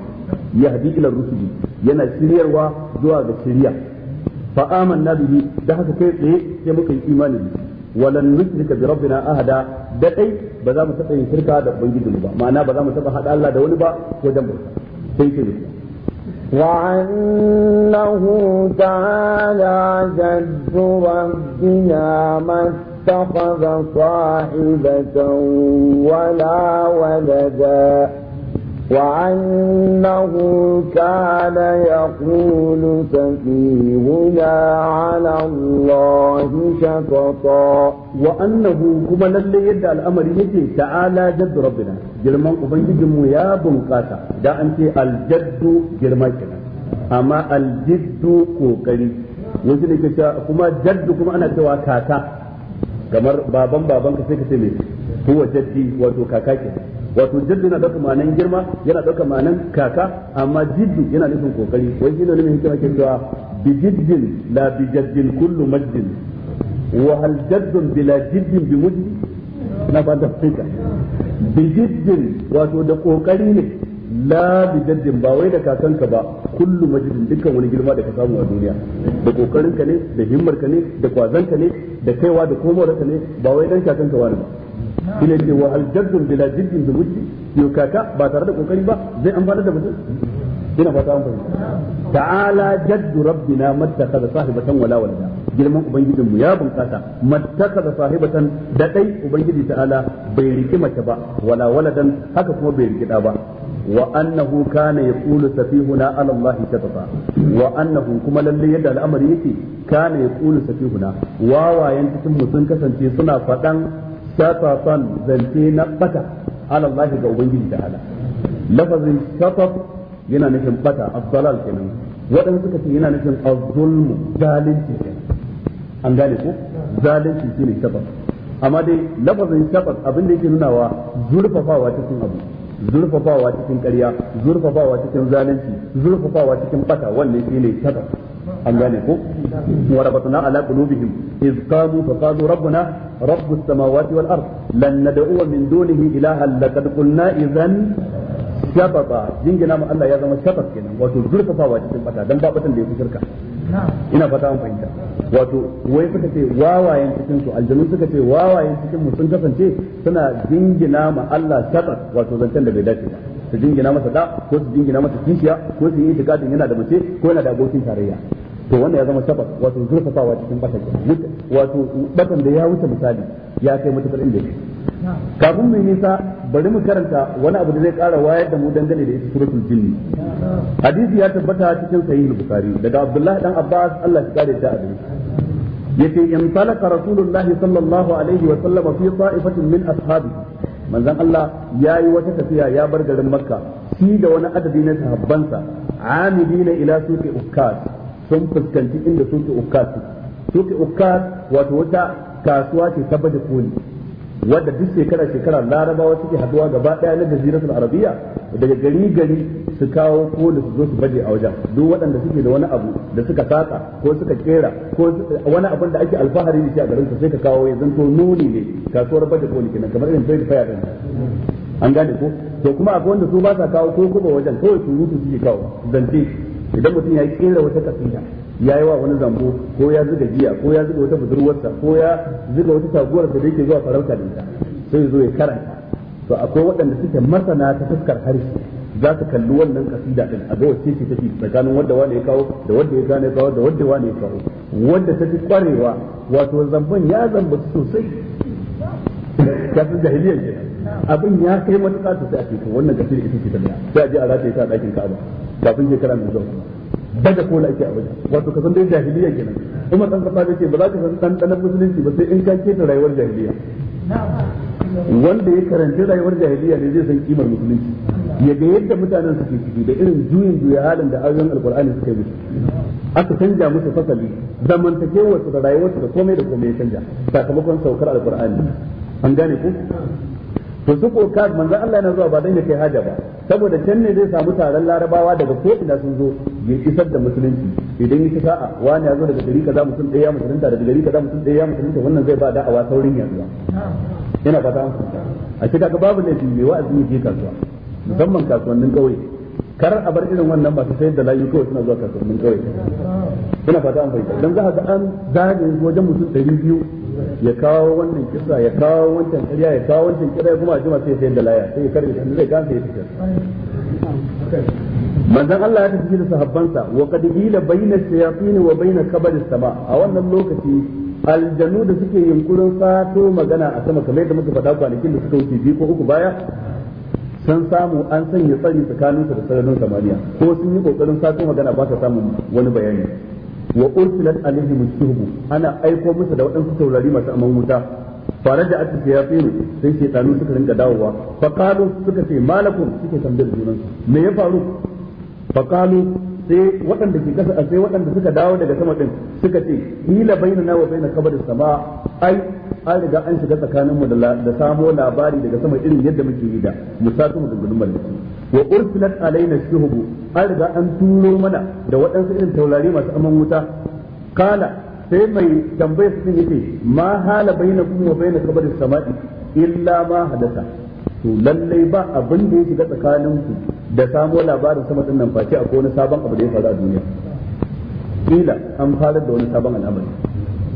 yahdi ila rusuli yana shiryarwa zuwa ga shiriya fa amanna bihi da haka kai tsaye sai muka yi imani da walan nusrika bi rabbina ahada da dai ba za mu taɓa yin shirka da ubangijinmu ba ma'ana ba za mu taɓa haɗa Allah da wani ba wajen bauta sai ke وأنه تعالى جد ربنا ما اتخذ صاحبة ولا ولدا وأنه كان يقول سفيهنا على الله شططا وأنه كما الذي يدعى الأمر يجي تعالى جد ربنا girman ubangijinmu ya bunƙasa da an ce aljaddu girma kenan amma aljiddu kokari yanzu ne ke cewa kuma jaddu kuma ana cewa kaka kamar baban baban ka sai ka ce me huwa jaddi wato kaka ke wato jaddu yana ɗauka ma'anan girma yana ɗauka ma'anan kaka amma jiddu yana nufin kokari wai shi ne ne hikima ke cewa bi jiddin la bi jaddin kullu majdin wa hal jaddun bila jiddin bi mujdi na fata fika bijiddin wato da kokari ne la bijiddin ba wai da kakanka ba kullu majidin dukkan wani girma da ka samu a duniya da kokarin ka ne da himmar ka ne da kwazon ka ne da kaiwa da komawar ka ne ba wai dan kakanka wani ba ila ce wa aljaddun bila jiddin da mutti yau kaka ba tare da kokari ba zai amfana da mutum ina fata an fahimta ta'ala jaddu rabbina mattakhadha sahibatan wala walada girman ubangijin mu ya bunkasa mattakhadha sahibatan da dai ubangiji ta'ala bai riki mace ba wala waladan haka kuma bai riki da ba wa annahu kana yaqulu safihuna ala Allah katafa wa annahu kuma lalle yadda al'amari yake kana yaqulu safihuna wawayen cikin mu sun kasance suna fadan safafan zance na bata ala Allah ga ubangiji ta'ala lafazin safaf yana nufin bata abdalal kenan waɗansu suka ce yana nufin azulmu zalunci kenan an gane ko zalunci shine shabab amma dai lafazin shabab abin da yake nunawa zurfafawa cikin abu zurfafawa cikin ƙarya zurfafawa cikin zalunci zurfafawa cikin bata wannan shine shabab an gane ko wa rabatna ala qulubihim iz qalu fa qalu rabbuna rabbus samawati wal ard lan nad'u min dunihi ilahan laqad qulna idhan shafafa jingina ma Allah ya zama shafaf kenan wato zurfafawa cikin fata dan babatan da ya shirka ina fata an fahimta wato wai suka ce wawayen cikin su aljanu suka ce wawayen cikin mu sun kasance suna jingina ma Allah shafaf wato zancen da bai dace ba su jingina masa da ko su jingina masa kishiya ko su yi itikadin yana da mace ko yana da abokin tarayya to wannan ya zama shafaf wato zurfafawa cikin fata wato batan da ya wuce misali ya kai matukar inda yake kafin mu nisa bari mu karanta wani abu da zai kara wayar da mu dangane da suratul jinni hadisi ya tabbata cikin sahih bukhari daga abdullah dan abbas Allah ya kare ta abin yace in talaka rasulullah sallallahu alaihi wa sallam fi ta'ifatin min ashabi manzon Allah yayi wata tafiya ya bar garin makka shi da wani adadi na sahabbansa amidina ila suqi ukkas sun fuskanci inda suqi ukkas suqi ukkas wato wata kasuwa ce ta baje koli wadda duk shekara shekara larabawa suke haduwa gaba daya na jaziratul arabiya daga gari gari su kawo ko da su zo su baje a wajen duk waɗanda suke da wani abu da suka saka ko suka kera ko wani abin da ake alfahari da shi a garin su sai ka kawo ya zanto nuni ne kasuwar baje koli kenan kamar irin bai fair din an gane ko to kuma akwai wanda su ba sa kawo ko kuma wajen kawai surutu suke kawo zance idan mutum ya kera wata kasida ya yi wa wani zambo ko ya zuga giya ko ya zuga wata budurwarsa ko ya zuga wata taguwar da yake zuwa farauta da ita sai zo ya karanta to akwai waɗanda suke masana ta fuskar harshe za su kalli wannan kasida din a ga wacce ce take tsakanin wanda wane ya kawo da wanda ya gane kawo da wanda wane ya kawo wanda ta fi kwarewa wato zamban ya zamba sosai ta fi jahiliyar ke abin ya kai matuƙa sosai a cikin wannan kasida ita ce ta sai a je a rataye ta a ɗakin ka'aba kafin shekara mai zuwa daga kola ake a wajen wato ka san dai jahiliya kenan kuma dan kafa ce ba za ka san dan musulunci ba sai in ka keta rayuwar jahiliya wanda ya karanci rayuwar jahiliya ne zai san kimar musulunci ya ga yadda mutanen suke ciki da irin juyin juya halin da ayoyin alkur'ani suka yi aka canja musu fasali zamantakewar su da rayuwarsu da komai da komai ya canja sakamakon saukar alkur'ani an gane ku ku zuko kad manzo Allah yana zuwa ba dan ya kai haja ba saboda can ne zai samu taron larabawa daga ko ina sun zo ya isar da musulunci idan yake sa'a wani ya zo daga gari kaza mutum ɗaya ya musulunta daga gari kaza mutum ɗaya ya musulunta wannan zai ba da'awa saurin yanzu yana fata a cika ga babu laifi mai wa'azi ne ke kasuwa musamman kasuwannin kauye kar a bar irin wannan masu sayar da layu kawai suna zuwa kasuwannin kawai suna fata an fahimta don za a zane an wajen mutum ɗari biyu ya kawo wannan kisa ya kawo wancan ƙarya ya kawo wancan ƙarya kuma a jima sai sayar da laya sai ya karbe shi zai kasa ya fitar manzon Allah ya tafi da sahabbansa wa qad ila bayna shayatin wa bayna kabarin sama a wannan lokaci aljanu da suke yunkurin sato magana a sama kamar yadda muka faɗa kwanakin da suka wuce biyu ko uku baya sun samu an sanya tsari tsakanin su da sararin samaniya ko sun yi kokarin sato magana ba ta samun wani bayani wa ursilat alaihim shuhubu ana aiko musu da waɗansu taurari masu aman wuta fara da aka ya fere sai shaytanu suka rinka dawowa fa suka ce malakum suke tambayar junansu su me ya faru fa sai waɗanda ke kasa sai waɗanda suka dawo daga sama din suka ce hila bainana wa bainal kabar sama ai an riga an shiga tsakanin mu da samo labari daga sama irin yadda muke yi da musatu maganganun mallaki wa ursilat alaina shuhubu an riga an turo mana da waɗansu irin taurari masu aman wuta kala sai mai tambayar su yake ma hala kuma wa bayyana kabar sama illa ma hadasa to lallai ba abin da ya shiga tsakanin ku da samo labarin sama din nan face akwai wani sabon abu da ya faru a duniya kila an fara da wani sabon al'amari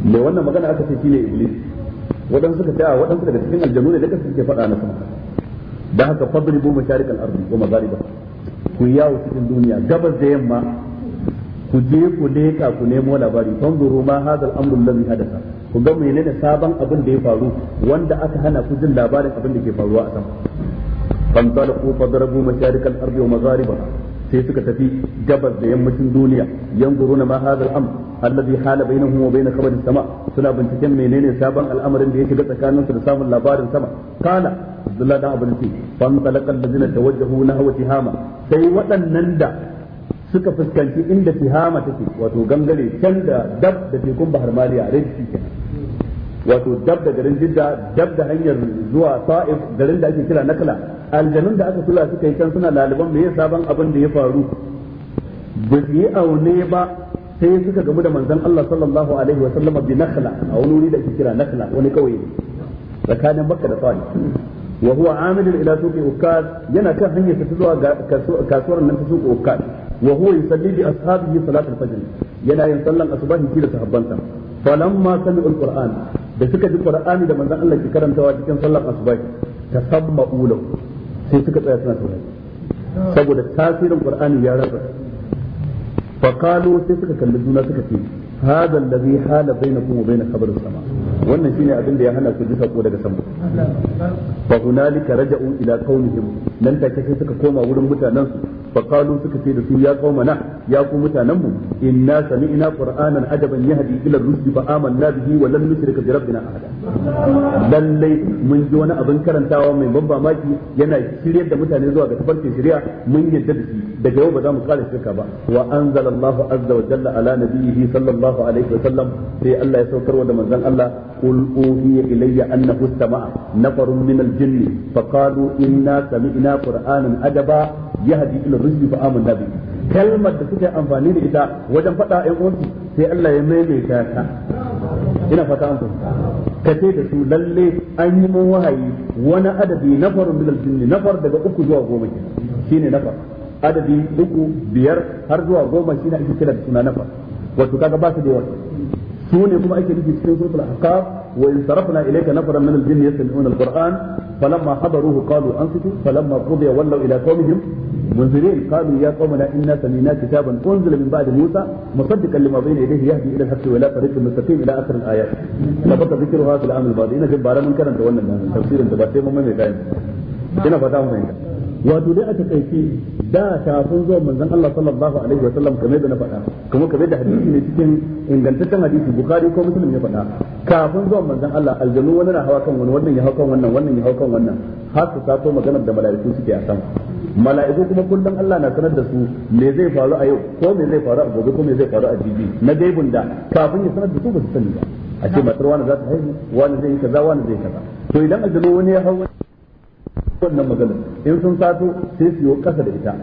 mai wannan magana aka ce shine iblis wadansu suka ta wadansu daga cikin aljanu ne duka suke faɗa na sama da haka fadribu al ardi wa maghariba ku yawo cikin duniya gabas da yamma ku je ku leka ku nemo labari tanzuru ma hadal amru alladhi hadatha ku ga menene sabon abin da ya faru wanda aka hana ku jin labarin abin da ke faruwa a sama فانطلقوا فضربوا مشارق الارض ومغاربها sai suka tafi gabas da yammacin duniya yanzuruna ma hadha am amr hala bainahum wa bain khabar sama suna binciken menene sabon al'amarin da ya shiga tsakaninsu da samun labarin sama kala Abdullah dan Abu Nufi fan talaqal na tawajjahu nahwa Tihama sai waɗannan da suka fuskanci inda Tihama take wato gangare can da dab da tekun Bahar Maliya kenan wato dab da garin jidda dab da hanyar zuwa sa'if garin da ake kira nakala aljanun da aka kula suka yi can suna laliban me sabon abin da ya faru ba su yi aune ba sai suka gamu da manzon Allah sallallahu alaihi wa sallama bi nakala a wani wuri da ake kira nakala wani kauye tsakanin makka da sa'if wa huwa amilun ila suqi ukkas yana kan hanyar ta zuwa kasuwar nan ta suqi ukkas wa huwa yusalli bi ashabihi salatul fajr yana yin sallan asubahi da sahabbansa falamma sami'u alquran da suka ji qur'ani da manzon Allah ke karantawa cikin sallar asuba samma lahu sai suka tsaya suna saurari saboda tasirin qur'ani ya rasa fa qalu sai suka kalli juna suka ce hada allazi hala bainakum wa wannan shine abin da ya hana ku ji sako daga sama fa hunalika raja'u ila qaumihim nan take sai suka koma wurin mutanen su fa suka ce da su ya qaumana ya ku mutanen mu inna sami'na qur'anan ajaban yahdi ila rusdi fa amanna bihi wa lam nushrika bi rabbina ahada lallai mun ji wani abin karantawa mai ban mamaki yana shiryar da mutane zuwa ga tafarkin shari'a mun yadda da shi daga yau ba za mu kare shirka ba wa anzalallahu azza wa jalla ala nabiyhi sallallahu sallallahu alaihi wa sallam sai Allah ya saukar wa manzon Allah qul uhiya ilayya annahu istama'a nafarun min al fa qalu inna sami'na qur'anan adaba yahdi ila fa kalmar da suke amfani da ita wajen faɗa ƴan uwansu sai Allah ya maimaita ta ina fata an kace da su lalle an yi mun wahayi wani adadi nafarun min nafar daga uku zuwa adadi uku biyar har zuwa goma shine ake kira suna nafar wato kaga ba su da yawa su ne kuma ake nufi cikin suratul ahqaf wa in sarafna ilayka nafaran min al-jinn yastami'una al-qur'an falamma hadaruhu qalu ansitu falamma qudiya wallaw ila qawmihim munzirin qalu ya qawmana inna sami'na kitaban unzila min ba'di musa musaddiqan lima bayna yadayhi yahdi ila al-haqqi wa ila tariqin mustaqim ila akhir al-ayat labata dhikruha fil amr al-badi ina jin bara mun karanta wannan tafsirin da ba sai mun mai bayani ina fata mun fahimta wato dai a takaice da kafin zuwa manzon Allah sallallahu alaihi wasallam kamar da na faɗa kuma kamar da hadisi ne cikin ingantaccen hadisi bukhari ko muslim ya faɗa kafin zuwa manzon Allah aljanu wani na hawa kan wani wannan ya hawa kan wannan wannan ya hawa kan wannan har su sato maganar da mala'iku suke a sama mala'iku kuma kullum Allah na sanar da su me zai faru a yau ko me zai faru a gobe ko me zai faru a jibi na gaibun da kafin ya sanar da su ba su sani ba a ce matar wani za ta haihu wani zai yi kaza wani zai kaza to idan aljanu wani ya hawa wannan maganar in sun sato sai su yi kasa da ita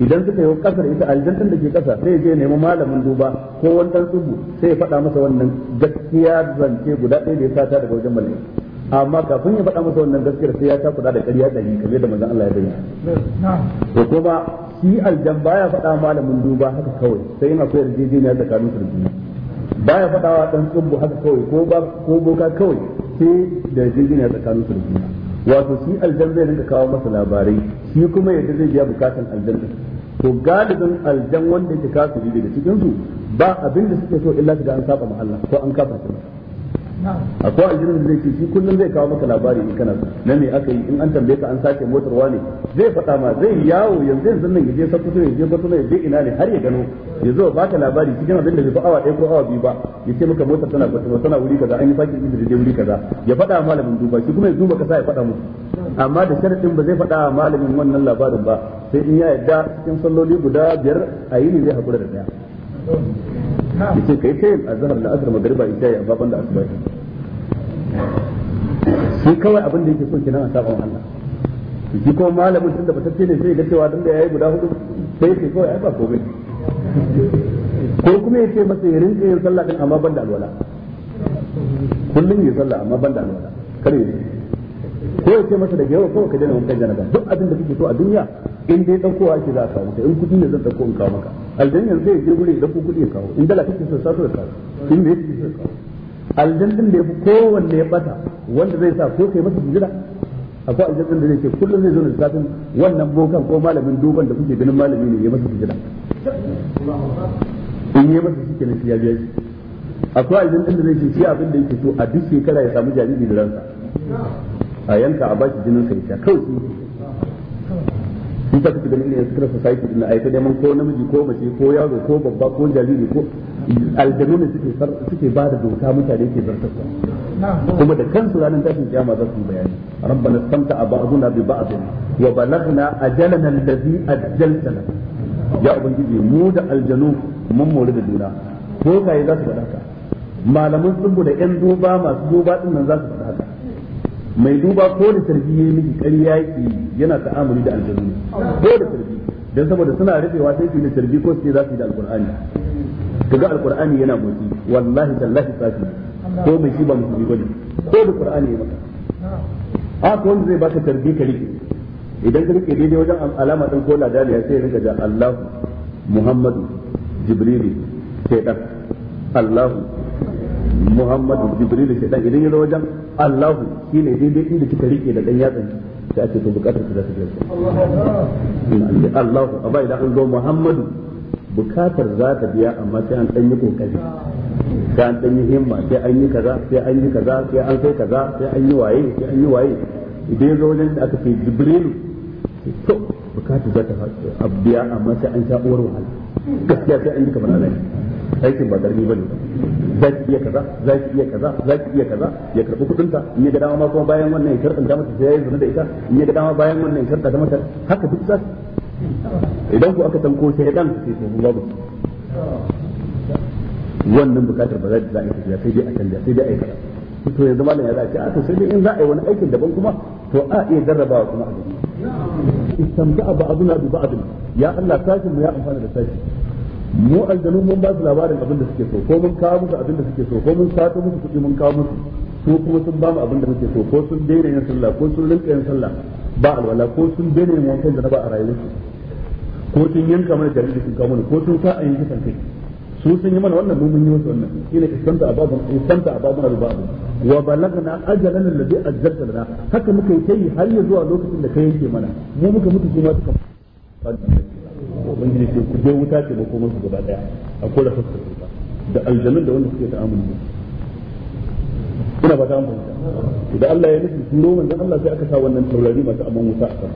idan suka yi kasa da ita aljantan da ke kasa sai je nemi malamin duba ko wani dan tsubu sai ya faɗa masa wannan gaskiya zance guda ɗaya da ya sata daga wajen mallaka amma kafin ya faɗa masa wannan gaskiyar sai ya ta kuɗa da ƙarya ɗari kamar yadda manzon Allah ya bayyana to kuma shi aljan baya faɗa malamin duba haka kawai sai yana koyar jejeniya tsakanin su baya faɗawa wa ɗan tsubu haka kawai ko ba ko boka kawai sai da jejeniya tsakanin su wato shi aljan zai rinka kawo masa labarai shi kuma yadda zai biya bukatan aljan to galibin aljan wanda yake kafiri daga cikin su ba abin da suke so illa su ga an saba ma ko an su masa akwai ajirin da zai ce shi kullum zai kawo maka labari in kana na me aka yi in an tambaye ka an sace motar wani zai faɗa ma zai yawo yanzu yanzu nan ya je sakuto ya je batuna yaje ina ne har ya gano ya zo baka labari cikin abin da bai fi awa ɗaya ko awa biyu ba ya ce maka motar tana batuna tana wuri kaza an yi fakin inda da wuri kaza ya faɗa malamin duba shi kuma ya zuba kasa ya faɗa musu amma da sharadin ba zai faɗa malamin wannan labarin ba sai in ya yadda cikin salloli guda biyar a yi yini zai hakura da ɗaya yace kai kai azhar na asr magriba idda ya baban da asuba shi kawai abin da yake so kina a sabon Allah shi ko malamin tunda ba tace ne sai ga cewa dan da yayi guda hudu sai sai kawai ai ba gobe ko kuma ya masa ya rinka yin sallah din amma ban da alwala kullum yi sallah amma ban da alwala kare ko ya masa da yau kawai ka dena wannan janaba duk abin da kike so a duniya in dai dauko ake za a kawo ta in kudi ne zan dauko in kawo maka aljan yanzu zai je gure dauko kudi ya kawo in dala kake so sa so kawo in me kake so ka aljan din da yafi kowanne ya bata wanda zai sa ko kai masa hijira akwai aljan din da zai ce kullum zai zo da zafin wannan bokan ko malamin duban da kuke ganin malami ne ya masa hijira in yi masa shi kenan ya biya shi akwai aljan din da zai ce shi abin da yake so a duk shekara ya samu jariri da ransa a yanka a bashi jinin sa ya kawai shi shi ta kake ganin ne secret society din ai ta neman ko namiji ko mace ko yaro ko babba ko jariri ko aljanu ne suke suke ba da doka mutane ke zartarwa kuma da kansu ranar tashin kiyama za su bayani rabbana samta ba'duna bi ba'd wa balaghna ajalana allazi ajjaltana ya ubangiji mu da aljanu mun more da juna ko kai za su faɗa haka malaman tsibbu da yan duba masu duba din nan za su faɗa haka mai duba ko da sarfi yayi miki ƙarya yake yana ta'amuli da aljannu ko da sarfi dan saboda suna rufewa sai su yi sarfi ko su za su yi da alqur'ani kaga alqur'ani yana motsi wallahi tallahi safi ko mai shi ba mu musulmi gode ko da qur'ani ya maka a ko wanda zai baka tarbi ka rike idan ka rike daidai wajen alama din ko ladani sai ya rika da Allahu Muhammadu Jibrilu sai Allahu Muhammadu Jibril shaitan idan ya zo wajen Allahu shine daidai inda kika rike da dan yatsan sai ake to bukatar ka za ta biya Allahu a bai da an zo Muhammadu bukatar za ta biya amma sai an dan yi kokari sai an dan yi himma sai an yi kaza sai an yi kaza sai an sai kaza sai an yi waye sai an yi waye idan ya zo wajen da aka ce Jibrilu to bukatar za ta biya amma sai an sha uwar wahala gaskiya sai an yi kamar Allah aikin ba karbi bane za ki iya kaza za ki iya kaza za ki iya kaza ya karbi kudin ta in ya ga dama ma kuma bayan wannan ya karɓa ta mata sai ya zuna da ita in ya ga dama bayan wannan ya karɓa ta mata haka duk za idan ku aka san ko sai dan sai to babu wannan bukatar ba za ta za a yi sai dai a canja sai dai a yi kaza to yanzu malam ya za a ce a to sai dai in za a yi wani aikin daban kuma to a iya jarrabawa kuma a gani ba abuna bi ba'd ya Allah sashin mu ya amfana da sashin mu aljanu mun ba su labarin abin da suke so ko mun kawo musu abin da suke so ko mun sato musu kuɗi mun kawo musu su kuma sun ba mu abin da suke so ko sun daina yin sallah ko sun rinka yin sallah ba alwala ko sun daina yin wankan da ba a rayuwarsu ko sun yanka mana jariri sun kawo mana ko sun sa a yanki kan su sun yi mana wannan mu mun yi musu wannan ina istanta ababun istanta ababun albabu wa balagna ajalan alladhi ajjalta lana haka muka yi kai har ya zuwa lokacin da kai yake mana mu muka mutu kuma suka ubangiji ce ku wuta ce ba kuma gaba daya a kora fuska wuta da aljanun da wanda suke ta'amuli da ina ba ta amfani da Allah ya nufi turo manzon Allah sai aka sa wannan taurari masu amon wuta a sama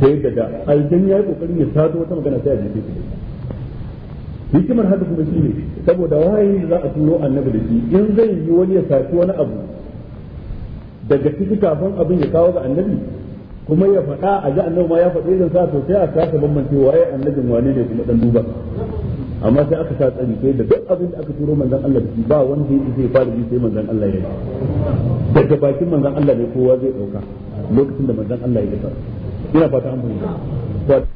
sai da aljan ya yi kokarin ya sato wata magana sai a jefe su hikimar haka kuma shi ne saboda da za a turo annabi da shi in zai yi wani ya saci wani abu daga ciki kafin abin ya kawo ga annabi kuma ya faɗa a ji annabi ma ya faɗi irin sa to sai a kasa bambance waye annabin wane ne kuma dan duba amma sai aka sa tsari sai da duk abin da aka turo manzon Allah shi ba wanda yake sai fara bi sai manzon Allah ya daga bakin manzon Allah ne kowa zai dauka lokacin da manzon Allah ya dafa ina fata an fahimta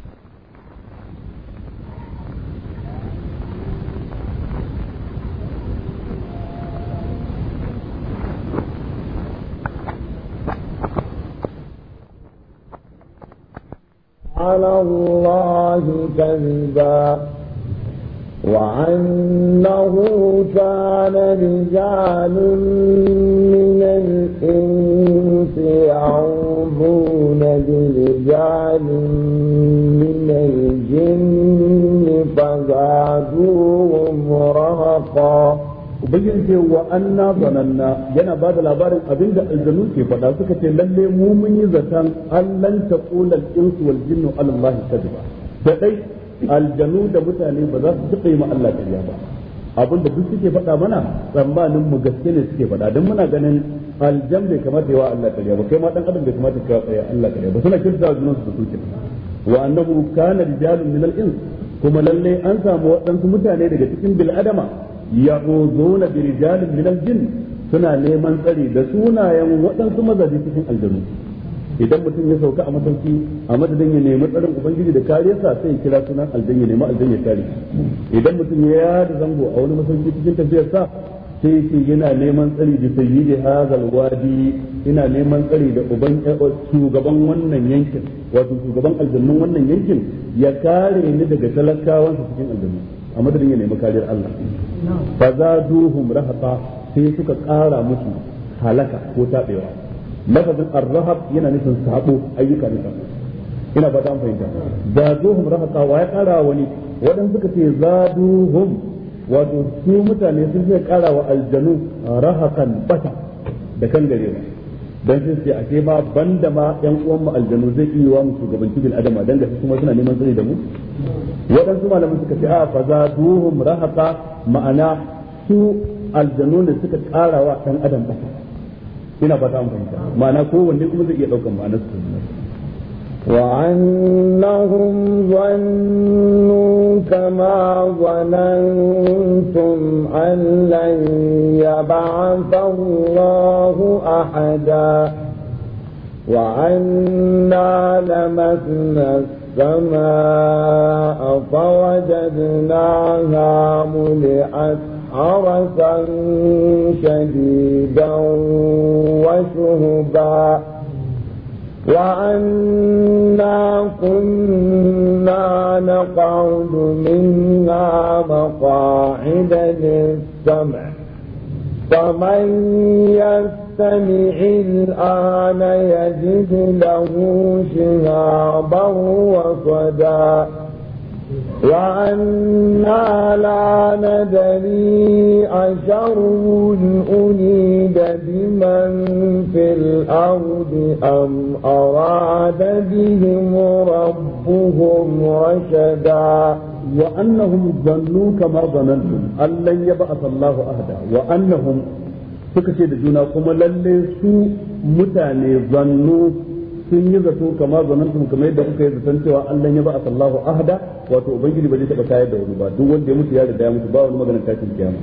على الله كذبا وأنه كان رجال من الإنس يعوذون برجال من الجن فزادوهم رهقا ubangiji ce wa anna zananna yana ba da labarin abin da aljanu ke faɗa suka ce lalle mu mun yi zaton allan taqulal insu wal jinnu alallahi kadiba da dai aljanu da mutane ba za su taɓa yi ma Allah kariya ba abin da duk suke faɗa mana tsammanin mu gaske ne suke faɗa don muna ganin aljan bai kamata wa Allah kariya ba kai ma dan adam bai kamata ka tsaya Allah kariya ba suna kirta junansu da suke wa annahu kana rijalun min al-ins kuma lalle an samu waɗansu mutane daga cikin bil'adama. adama yaquzuna bi rijalin min al-jinn suna neman tsari da sunayen waɗansu mazaji cikin aljanu idan mutum ya sauka a masauki a madadin ya nemi tsarin ubangiji da kariyarsa sai ya kira sunan aljan ya nemi aljan ya kare idan mutum ya yada zango a wani masauki cikin tafiyarsa sai ya ce yana neman tsari da sayyidi hazal wadi ina neman tsari da uban eh, oh, shugaban wannan yankin wato shugaban aljannun wannan yankin ya kare ni daga talakawansa cikin aljannu a madadin ya nemi kariyar Allah ba za duhun rahaba sai suka kara musu halaka ko tabewa lafazin arrahab yana nufin sabo ayyuka ne ina ba dan fahimta duhun rahaba wa ya kara wani wadan suka ce duhun wato su mutane sun ce kara wa aljanu rahakan bata da kan garewa dan sai sai ake ma banda ma yan uwan mu aljanu zai iya wa mu shugabanci bil adama dan da kuma suna neman tsari da mu waɗansu malamai suka ce a fa za duhum rahaqa ma'ana su aljanu ne suka ƙara wa dan adam ina ba ta fahimta ma'ana ko wanne kuma zai iya daukan ma'anar su وأنهم ظنوا كما ظننتم أن لن يبعث الله أحدا وأنا لمسنا السماء فوجدناها ملئت حرسا شديدا وشهبا وأنا كنا نقعد منها مقاعد للسمع فمن يستمع الآن يجد له شهابا وصداً وأنا لا ندري أشر أريد بمن في الأرض أم أراد بهم ربهم رشدا وأنهم ظنوا كما ظننتم أن لن يبعث الله أهدا وأنهم suka دون da juna متاني lalle sun yi zato kama zanantum kamar yadda kuka yi zaton cewa Allah ya ba a sallahu ahada wato ubangiji ba zai taba tayar da wani ba duk wanda ya mutu ya riga ya mutu ba wani maganar tashin kiyama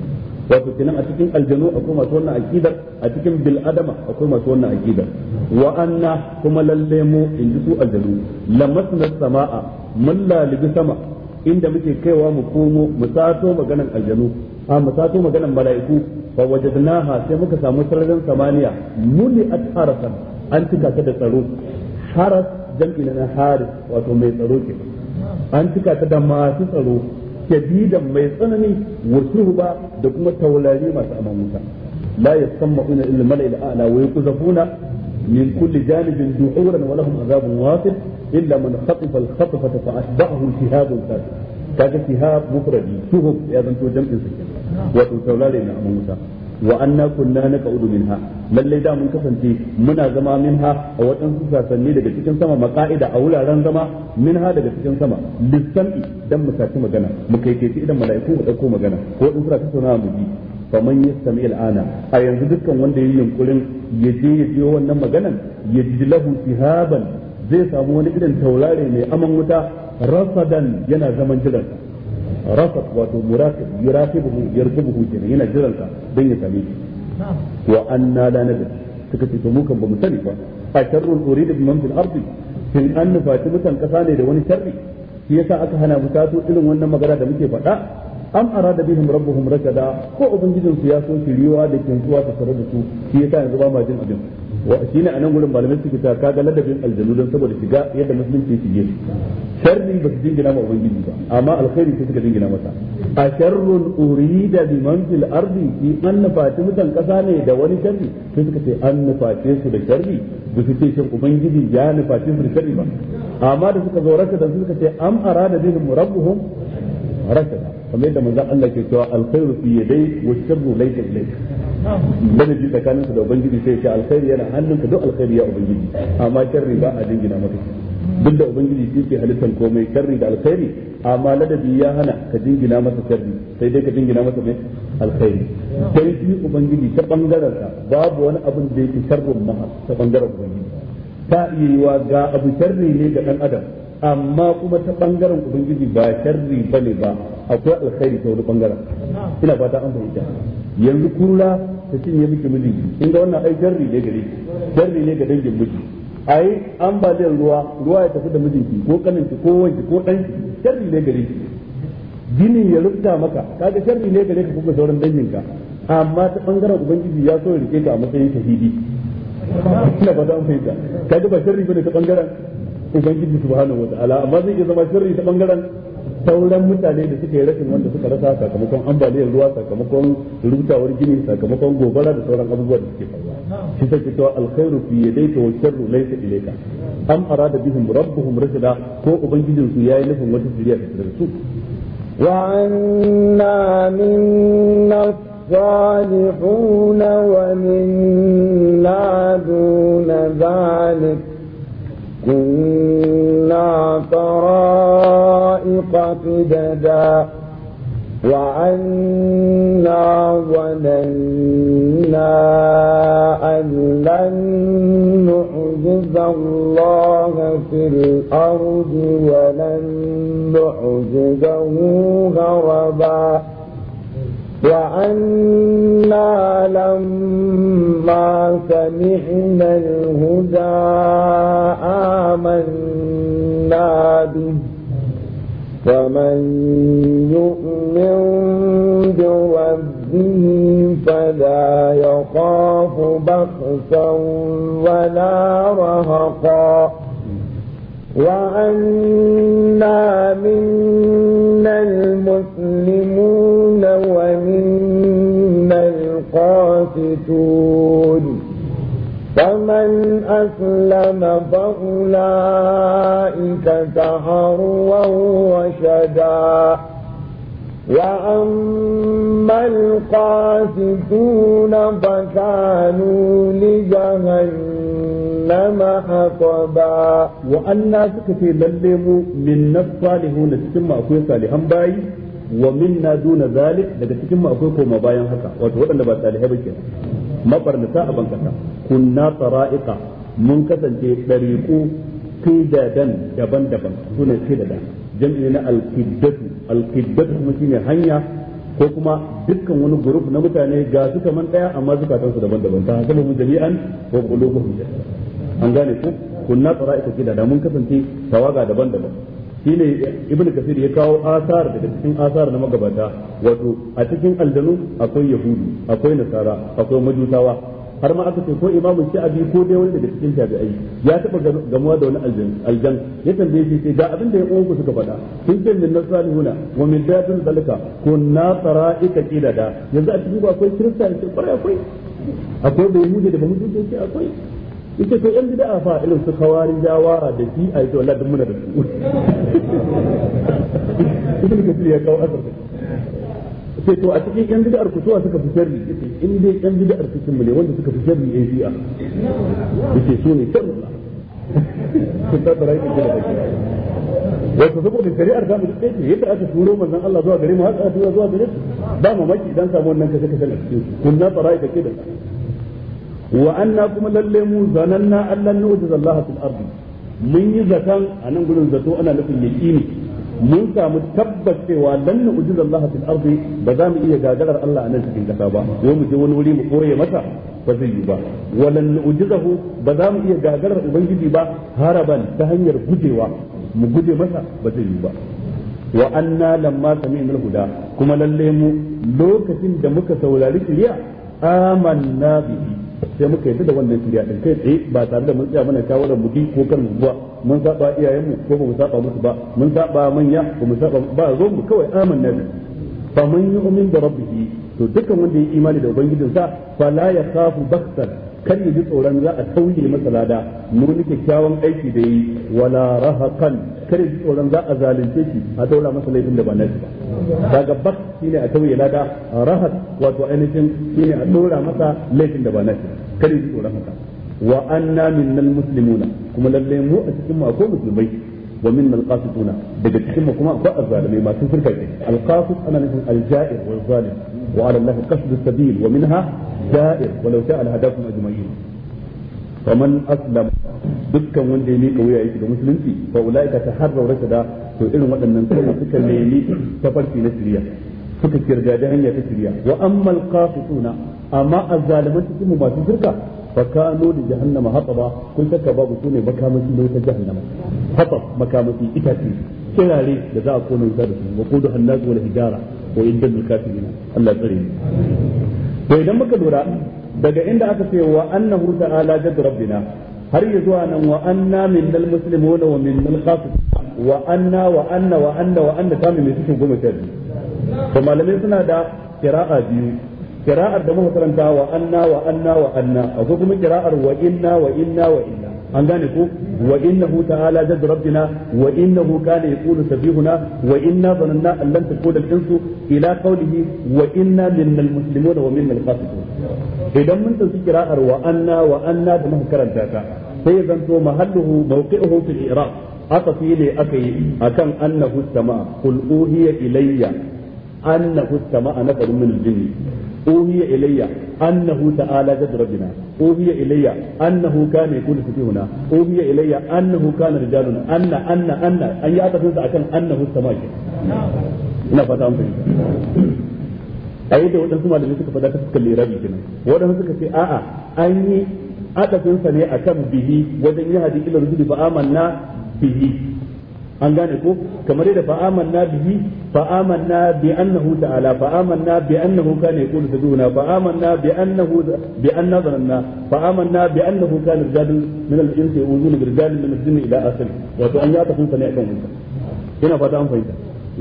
wato kenan a cikin aljanu akwai masu wannan aqidar a cikin bil adama akwai masu wannan aqidar wa anna kuma lalle mu in ji su aljanu lamasna samaa mun lalibi sama inda muke kaiwa mu komo mu sato maganan aljanu a mu sato maganan mala'iku fa wajadnaha sai muka samu sararin samaniya muli at an cika ta da tsaro haras jam'i na haris wato mai tsaro ke an cika ta da masu tsaro shadidan mai tsanani wasu ba da kuma taulari masu aman wuta la ina illa mala'il a'la wa yuqzafuna min kulli janibin du'uran wa lahum azabun wasil illa man khatafa al-khatfata fa atba'ahu shihabun kaga shihab mufradi shuhub ya zanto jam'in sa wato taulari na aman wa anna kunna naq'udu minha lalle da mun kasance muna zama minha a waɗansu sasanni daga cikin sama maqaida a wuraren zama minha daga cikin sama lissan'i dan mu saki magana mu kai kai idan mala'iku mu dauko magana ko in suna mu ji faman yastami al'ana a yanzu dukkan wanda yayi yunkurin ya je ya je wannan maganan yaji lahu sihaban zai samu wani irin taurare mai aman wuta rasadan yana zaman jiransa rafat wato murakib yurakibuhu yarkubuhu kenan yana jiran ka dan ya same shi wa anna la nabi suka ce to mu kan bamu sani ba a sharrul urid bi man fil ardi kin an nufati mutan kasa ne da wani sharri shi yasa aka hana mu tato irin wannan magana da muke faɗa am arada bihim rabbuhum rashada ko ubangijin su ya so kiriwa da kintsuwa ta tare da su shi yasa yanzu ba ma jin abin wa shine anan gurin malamai suke ta kaga ladabin aljanu don saboda shiga yadda musulunci shige su sharri ba su jingina ma ubangiji ba amma alkhairi sai suka jingina masa a sharrun urida bi man fil ardi fi an nafati mutan kasa ne da wani sharri sai suka ce an nafate su da sharri ba su ce shin ubangiji ya nafate su da sharri ba amma da suka zo da suka ce am arada bihim rabbuhum rashada kamar yadda manzon Allah ke cewa alkhairu fi yadai wa sharru laysa ilayka bane ji tsakanin su da ubangiji sai ce alkhairu yana hannunka duk alkhairu ya ubangiji amma sharri ba a dingina maka duk da ubangiji shi ke halittar komai sharri da alkhairi amma ladabi ya hana ka dingina masa sharri sai dai ka dingina masa mai alkhairi sai shi ubangiji ta bangaren sa babu wani abin da yake sharrun mahal ta bangaren ubangiji ta iya yiwa ga abu sharri ne ga dan adam amma kuma ta bangaren ubangiji ba sharri bane ba akwai alkhairi ta wani bangaren ina fata an fahimta yanzu kula ta cinye miki miji in ga wannan ai sharri ne gare ki sharri ne ga dangin miji ai an ba zai ruwa ruwa ya tafi da mijinki ko kaninki ko wanki ko danki sharri ne gare ki gini ya rufta maka kaga sharri ne gare ka kuma sauran danginka amma ta bangaren ubangiji ya so ya rike ka a matsayin shahidi ina fata an fahimta kaga ba sharri bane ta bangaren ubangiji subhanahu wa ta'ala amma zai iya zama sirri ta bangaren sauran mutane da suka yi rashin wanda suka rasa sakamakon ambaliyar ruwa sakamakon rutawar gini sakamakon gobara da sauran abubuwa da suke faruwa shi sai cewa alkhairu fi yadayka wa sharru laysa ilayka am arada bihim rabbuhum rashida ko ubangijin su yayi nufin wata shiriya ta tare su wa anna minna salihuna wa minna دون ذلك كنا طرائق قددا وعنا ظننا أن لن نعجز الله في الأرض ولن نعجزه هربا وأنا لما سمعنا الهدى آمنا به فمن يؤمن بربه فلا يخاف بخسا ولا رهقا وأنا منا المسلمون ومنا القاسطون فمن أسلم فأولئك سهروا وشدا وأما القاسطون فكانوا لجهنم wa جهنم حطبا وأنا سكتي للم من الصالحون تكما أكوي wa min na duna zalik daga cikin ma akwai koma bayan haka wato waɗanda ba salihai ba ke mabarnata a bankasa kunna tara'iqa mun kasance dariqu qidadan daban-daban sune qidadan jam'i na al-qiddatu al-qiddatu kuma shine hanya ko kuma dukkan wani group na mutane ga su kaman daya amma zukatansu daban-daban ta mu jami'an wa qulubuhum an gane ku kunna ita gida da mun kasance tawaga daban-daban shine ibnu kasir ya kawo asar daga cikin asar na magabata wato a cikin aljanu akwai yahudu akwai nasara akwai majusawa har ma aka ce ko imamu sha'abi ko dai wani daga cikin tabi'ai ya taba gamuwa da wani aljan aljan ya tambaye shi ga abin da ya ku suka faɗa sun ce min huna wa min dadin na kunna ita kida da yanzu a cikin akwai kirista ne akwai akwai akwai bai yahudi da ba ce akwai ita to yan bid'a fa irin su kawari da shi a to Allah duk da su ibn kafir ya kawo sai to a cikin yan ku suwa suka fi sharri in dai yan cikin mu ne wanda suka fi sharri yan su ne sharri kun ta da wato saboda shari'ar ta mutu ce yadda aka turo manzon Allah zuwa gare mu zuwa gare ba mamaki idan samu wannan kace kace kun na da wa anna kuma lalle mu zananna allan nu'jiz Allah fil ardi mun yi zatan anan gurin zato ana nufin yaqini mun samu tabbas cewa lan nu'jiz Allah fil ardi ba za mu iya gagarar Allah anan cikin kasa ba wai mu je wani wuri mu koye masa ba zai yi ba walan nu'jizahu ba za mu iya gagarar ubangiji ba haraban ta hanyar gujewa mu guje masa ba zai yi ba huda kuma lalle mu lokacin da muka saurari shari'a amanna sai muka yarda da wannan shirya din kai tsaye ba tare da mun tsaya mana shawarar mu ko kan zuwa mun saba iyayen mu ko ba mu saba musu ba mun saba manya ko mu saba ba zo mu kawai amanna bi fa man yu'min bi rabbih to dukkan wanda ya imani da ubangijinsa fa la yakhafu baktan kar ya ji tsoron za a tauye masa lada mu wani kyakkyawan aiki da yi wala rahaqan kar ya ji tsoron za a zalunce shi a taura masa laifin da ba na ba daga bak shine a tauye lada rahat wato ainihin shine a dora masa laifin da ba na kar ya ji tsoron haka wa anna minnal muslimuna kuma lalle mu a cikin mu akwai musulmai wa minnal qasituna daga cikin mu kuma akwai azzalimai masu shirka al qasit ana nufin al ja'ir wal zalim wa ala allahi qasdu sabil wa minha da'ir walau sha'a hadakum ajma'in aslam dukkan wanda ya mika wuya yake ga musulunci fa ulaika taharraw rashada to irin waɗannan sai suka na shirya suka kirga da hanya ta shirya wa ammal qasituna amma masu shirka fa kanu da jahannama hataba kun saka babu sune makamaci da itace kirare da za a kona da su hijara to idan muka lura daga inda aka ce wa annahu ta'ala jaddu rabbina har yi zuwa nan wa anna minnal muslimuna wa min qasid wa anna wa anna wa anna wa anna ta mai cikin goma sha biyu to malamai suna da kira'a biyu kira'ar da muka karanta wa anna wa anna wa anna akwai kuma kira'ar wa inna wa inna wa inna an gane ko wa innahu ta'ala jaddu rabbina wa innahu kana yaqulu sabihuna wa inna zananna an lan takuna al-insu ila qawlihi wa inna linnal muslimuna wa minnal qasitun idan mun tsanci kira'ar wa anna wa anna da muka karanta ta sai zanto mahalluhu mawqi'uhu fil i'rab aka fili aka yi akan annahu sama'a qul uhiya ilayya annahu sama'a nafarun min al-jinni أوهي إلي أنه تعالى جد ربنا أوهي إلي أنه كان يكون فتيهنا أوهي إلي أنه كان رجال أن أن أن أن يعتقد أكن أنه السماء ina fata an fahimta a yadda waɗansu malamai suka fada suka lera bi kenan waɗansu suka ce a'a an yi adafinsa ne akan bihi wajen yi hadi amanna bihi an gane ko kamar yadda fa amanna bihi fa amanna bi annahu ta'ala fa amanna bi annahu kana yaqulu saduna fa amanna bi annahu bi anna zanna fa amanna bi annahu kana rijalun min al-insi wa min rijalun min al-jinni ila asl wato an ya tafin sa ne akan wannan ina fata an fahimta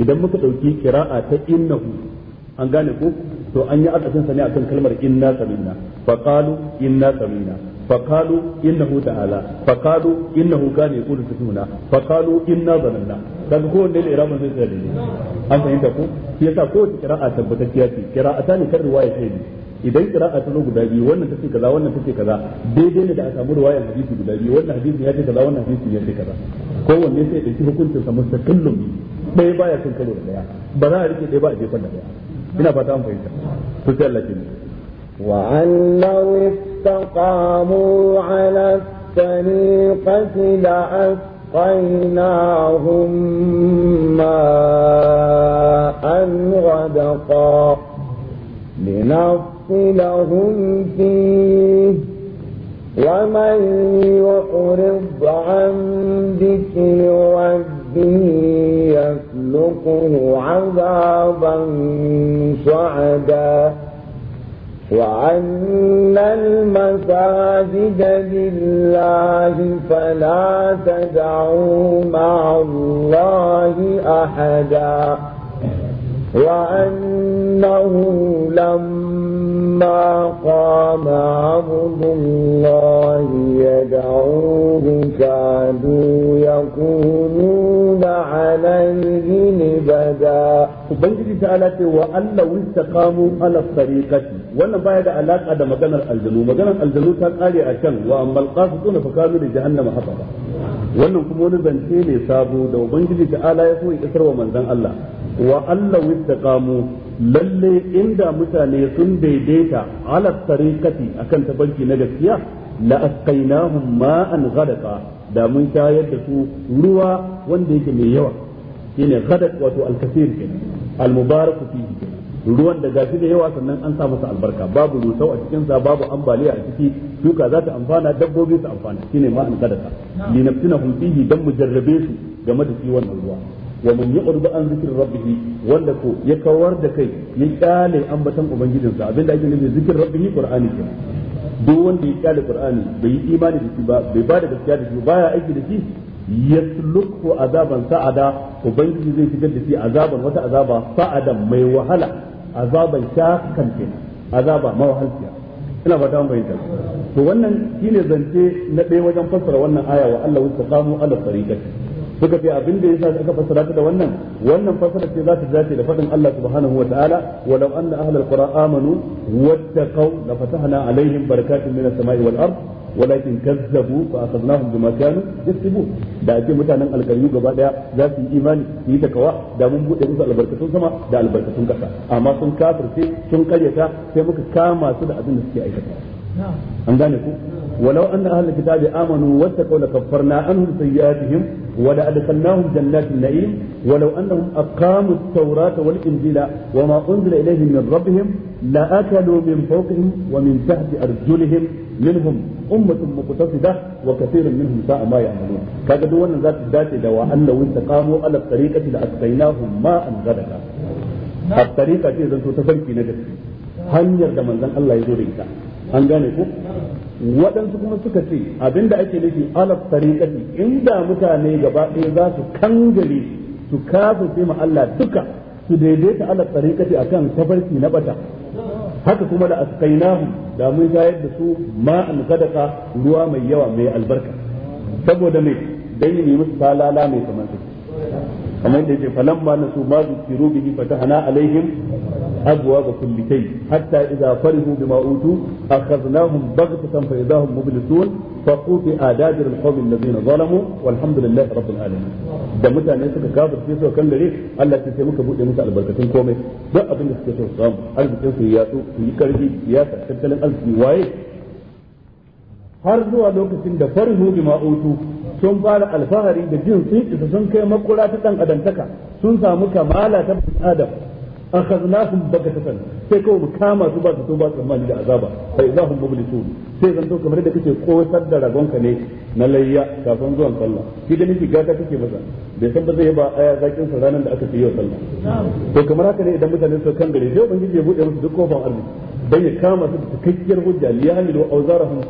idan muka dauki qira'a ta innahu an gane ko to an yi akasin sa ne akan kalmar inna samina fa qalu inna samina فقالوا انه تعالى فقالوا انه كان يقول سكونا فقالوا انا ظننا kaga ko wanne iraman zai tsare ne an fahimta ko shi yasa ko wace qira'a tabbatacciya ce qira'ata ne kan riwaya ce idan qira'a ta guda biyu wannan take kaza wannan take kaza daidai ne da a samu riwayar hadisi guda biyu wannan hadisi ya ce kaza wannan hadisi ya ce kaza ko wanne sai ya dauki hukuncin sa mustaqillun ɗaya baya cin karo da daya ba za a rike ɗaya ba a jefan da daya ina fata an fahimta to sai Allah ya ji وأن لو استقاموا على الطريقة لأسقيناهم ماء غدقا لنفصلهم فيه ومن يعرض عن ذكر ربه يسلكه عذابا صعدا وأن المساجد لله فلا تدعوا مع الله أحدا وأنه لما قام عبد الله يدعوه كادوا يكونون عليه لبداً ubangiji ta ala ce wa Allah kamu ala tariqati wannan baya da alaka da maganar aljanu maganar aljanu ta kare a can wa ammal qasituna fa kanu da jahannama hasaba wannan kuma wani zance ne sabo da ubangiji ta ala ya so ya isar wa manzon Allah wa Allah kamu lalle inda mutane sun daidaita ala tariqati akan tabanki na gaskiya la asqainahum ma'an ghadaqa da mun shayar da su ruwa wanda yake mai yawa shine ghadat wato al-kasir kenan المبارك فيه ruwan da gashi da yawa sannan an sa masa albarka babu rusau a cikin sa babu ambaliya a ciki shuka za ta amfana dabbobi su amfana shine ma an sadaka li nafsina hum fihi dan mujarrabe su game da shi wannan ruwa wa man yu'rid an zikri rabbih wanda ko ya kawar da kai ya kyale ambaton ubangijinsa abinda ake nufi zikri rabbih qur'ani ke duk wanda ya kyale qur'ani bai yi imani da shi ba bai bada gaskiya da shi baya aiki da shi yaslukhu azaban sa'ada ubangiji zai shigar da shi azaban wata azaba sa'adan mai wahala azaban shakan kenan azaba mawahalciya ina ba ta bayyana to wannan shine zance na ɗaya wajen fassara wannan aya wa Allah wastaqamu ala tariqati suka ce abin da yasa aka fassara ta da wannan wannan fassara ce za ta dace da fadin Allah subhanahu wa ta'ala wa law anna ahlal qura amanu wattaqaw la fatahna alaihim barakatun minas sama'i wal ard walakin kazzabu fa akhadnahum bima kanu da ake mutanen alkaryu gaba daya za su yi imani su yi takawa da mun bude musu albarkatun sama da albarkatun kasa amma sun kafirce sun karyata sai muka kama su da abin da suke aikata an gane ku ولو أن أهل الكتاب آمنوا واتقوا لكفرنا عنهم سيئاتهم ولأدخلناهم جنات النعيم ولو أنهم أقاموا التوراة والإنجيل وما أنزل إليهم من ربهم لأكلوا من فوقهم ومن تحت أرجلهم منهم أمة مقتصدة وكثير منهم ساء ما يعملون كذا دون ذات ذات دواء أن لو استقاموا على الطريقة لأسقيناهم ماء غدقا الطريقة إذا تفرقي نجد hanyar da manzon Allah ya zo da ita an gane ko waɗansu kuma suka ce abinda ake nufi alaf tariqati inda mutane gaba ɗaya za su kangare su sai ma Allah duka su daidaita alaf tariqati akan tafarki na bata haka kuma da askainahum da mun shayar da su ma'an sadaka ruwa mai yawa mai albarka saboda mai dai ne musu talala mai kamar kamar yadda yake falamma nasu ma zukiru bihi fatahna alaihim abwaaba kulli shay hatta idza farihu bima utu akhadnahum baghtatan fa idahum mublisun fa quti adabir alqawm alladhina zalamu walhamdulillahi rabbil alamin da mutane suka kafirce su kan gare Allah ya sai muka bude musu albarkatun komai duk abin da suke so su samu arzikin su ya su yi karfi ya tattalin arziki waye har zuwa lokacin da farhu bima ma'utu sun fara alfahari da jin sun isa sun kai makura ta dan adamtaka sun samu kamala ta adam akhadnahum bagatatan sai kawai mu kama su ba su to ba tsammani da azaba fa idahum mublisun sai zan to kamar da kake kowatar da ragonka ne na layya kafin zuwan sallah shi da nake gata kake masa bai san ba zai ba aya zakin sa ranan da aka yi sallah to kamar haka ne idan mutane su kan gare sai ubangiji ya bude musu duk kofar arziki dan ya kama su da cikakkiyar hujja li yahmilu awzarahum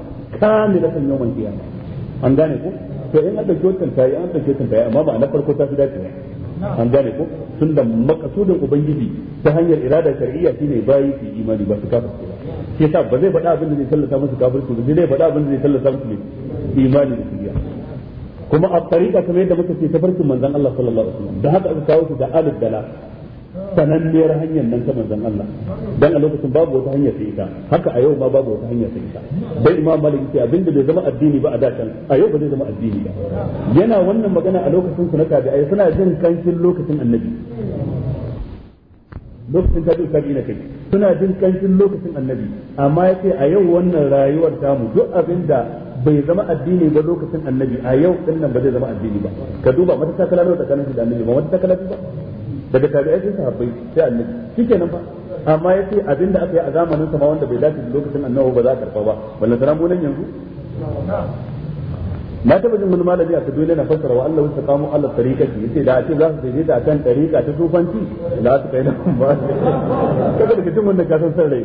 kamilatan yawmal qiyamah an gane ko to in an dauki wannan tayi an dauki wannan tayi amma ba na farko ta fi dacewa an gane ko da makasudin ubangiji ta hanyar irada shar'iyya shine bayi su imani ba su kafirce ba shi yasa ba zai faɗa abin da zai tallata musu kafirci ba zai faɗa abin da zai tallata musu imani da shari'a kuma a tariqa kamar yadda muka ce tabarkin manzon Allah sallallahu alaihi wasallam da haka aka kawo su da alif dala sananniyar hanyar nan ta manzon Allah dan a lokacin babu wata hanya sai ita haka a yau ma babu wata hanya sai ita dan imam malik ce abinda bai zama addini ba a da can a yau ba zai zama addini ba yana wannan magana a lokacin su na tabi'ai suna jin kancin lokacin annabi lokacin tabi'u tabi'ina kai suna jin kancin lokacin annabi amma yace a yau wannan rayuwar tamu duk abinda bai zama addini ba lokacin annabi a yau din nan ba zai zama addini ba ka duba mata takala nawa tsakanin da annabi ba mata takala ba daga tabi'ai sai sahabbai sai annabi nan fa amma yace abinda aka yi a zamanin sa ma wanda bai dace da lokacin annabi ba za a karba ba wannan sanan mu nan yanzu na taba jin wani malami a Kaduna na fassara wa Allah wasu kamo Allah tariqati yace da a ce za su je ta kan tariqa ta tufanci la su kai kuma ba kaga da jin wannan kasan san rai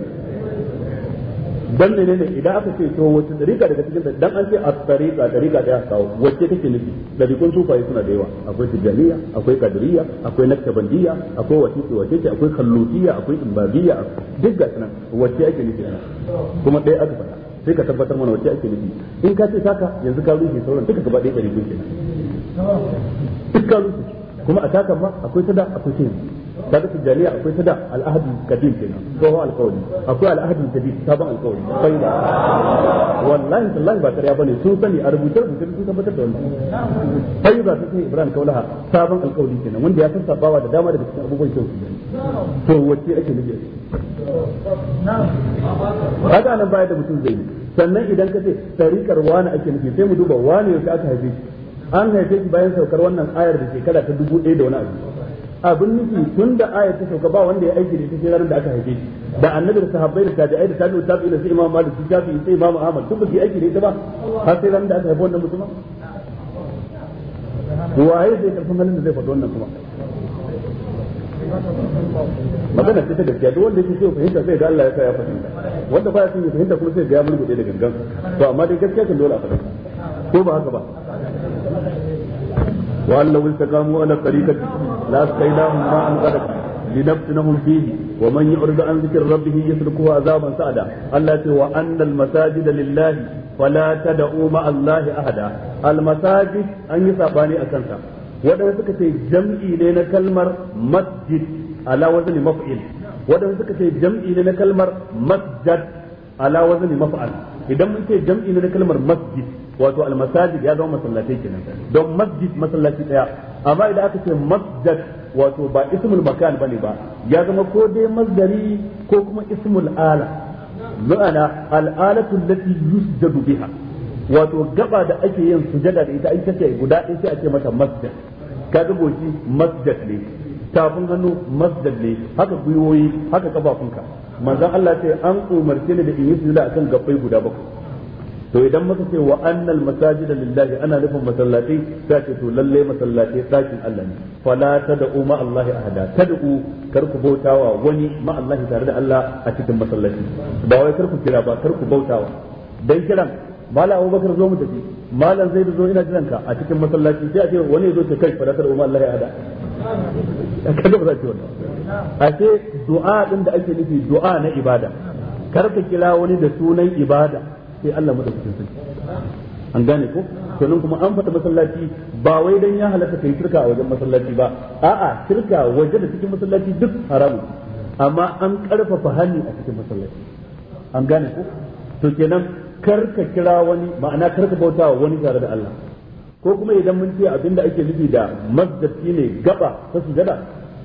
dan ne idan aka ce to wace dariƙa daga cikin dan an ce a tariqa dariƙa da aka kawo wacce take nufi kun sufaye suna da yawa akwai tijaniya akwai kadiriya akwai naktabandiya akwai wace ce wace ce akwai kallutiya akwai imbabiya duk ga sunan wace ake nufi kuma ɗaya aka faɗa sai ka tabbatar mana wacce ake nufi in ka ce saka yanzu ka rufe sauran duka gaba ɗaya ɗari kenan duk ka rufe kuma a takan ma akwai tada akwai ta kaga tijaniya akwai ta tada al'ahadu kadim kenan tsohon alkawari akwai al'ahadu jadid sabon alkawari faida wallahi tallahi ba kariya bane sun sani a rubuce rubuce sun tabbatar da wannan faida ta sai ibrahim kaulaha sabon alkawari kenan wanda ya sassabawa da dama daga cikin abubuwan kyau to wace ake nufi kaga nan baya da mutum zai yi. sannan idan ka ce tariƙar wani ake nufi sai mu duba wani yau aka haife shi an haife shi bayan saukar wannan ayar da shekara ta dubu ɗaya da wani abu abin nufi tun da ayar ta sauka ba wanda ya aiki da ita sai ranar da aka haife shi da annabi da sahabbai da tabi'ai da tabi'u tabi'u da sai imam malik sai jafi sai imam ahmad duk ba su aiki da ita ba har sai ranar da aka haife wannan musulman waye zai karfin halin da zai faɗi wannan kuma magana ce ta gaskiya duk wanda yake so fahimta sai ga Allah ya sa ya fahimta wanda baya son ya fahimta kuma sai ga ya mulkuɗe da gangan to amma dai gaskiya kan dole a faɗa ko ba haka ba wa Allah wal taqamu ala tariqati لأسقيناهم ماء غدقا لنفتنهم فيه ومن يعرض عن ذكر ربه يسلكه عذابا سعدا التي وأن المساجد لله فلا تدعوا مع الله أحدا المساجد أن يصابني أكنتا waɗanda suka ce jam'i ne na kalmar masjid ala wazni maf'il waɗanda suka ce jam'i ne na kalmar masjad ala wazni maf'al idan mun ce jam'i ne na kalmar masjid wato almasajid ya zama masallatai kenan don masjid masallaci daya amma idan aka ce Masjad, wato ba ismul makan bane ba ya zama ko dai masdari ko kuma ismul ala ma'ana al'alatu allati yusjadu biha wato gaba da ake yin sujada da ita ita ce guda ɗaya sai a ce mata masdar ga goshi masdar ne tafin hannu masdar ne haka gwiwoyi haka kafafunka manzon Allah ce an umarce ni da in yi sujada akan gabbai guda bakwai to idan muka ce wa annal masajida lillahi ana nufin masallatai sai ce to lalle masallatai sakin Allah ne fala tad'u ma Allah ahada tad'u kar ku bautawa wani ma Allah tare da Allah a cikin masallaci ba wai kar ku kira ba kar ku bautawa dan kiran mala abubakar zo mu tafi malam zai zo ina jiran ka a cikin masallaci sai a ce wani zo ce kai fala tad'u ma Allah ahada kaga ba za ki wannan a ce du'a din da ake nufi du'a na ibada kar ka kira wani da sunan ibada sai Allah madaukakin sarki an gane ko to nan kuma an fata masallaci ba wai dan ya halaka kai shirka a wajen masallaci ba a'a shirka waje da cikin masallaci duk haramun amma an karfafa hali a cikin masallaci an gane ko to kenan karka kira wani ma'ana karka bauta wani tare da Allah ko kuma idan mun ce abinda ake nufi da masjid shine gaba ta sujada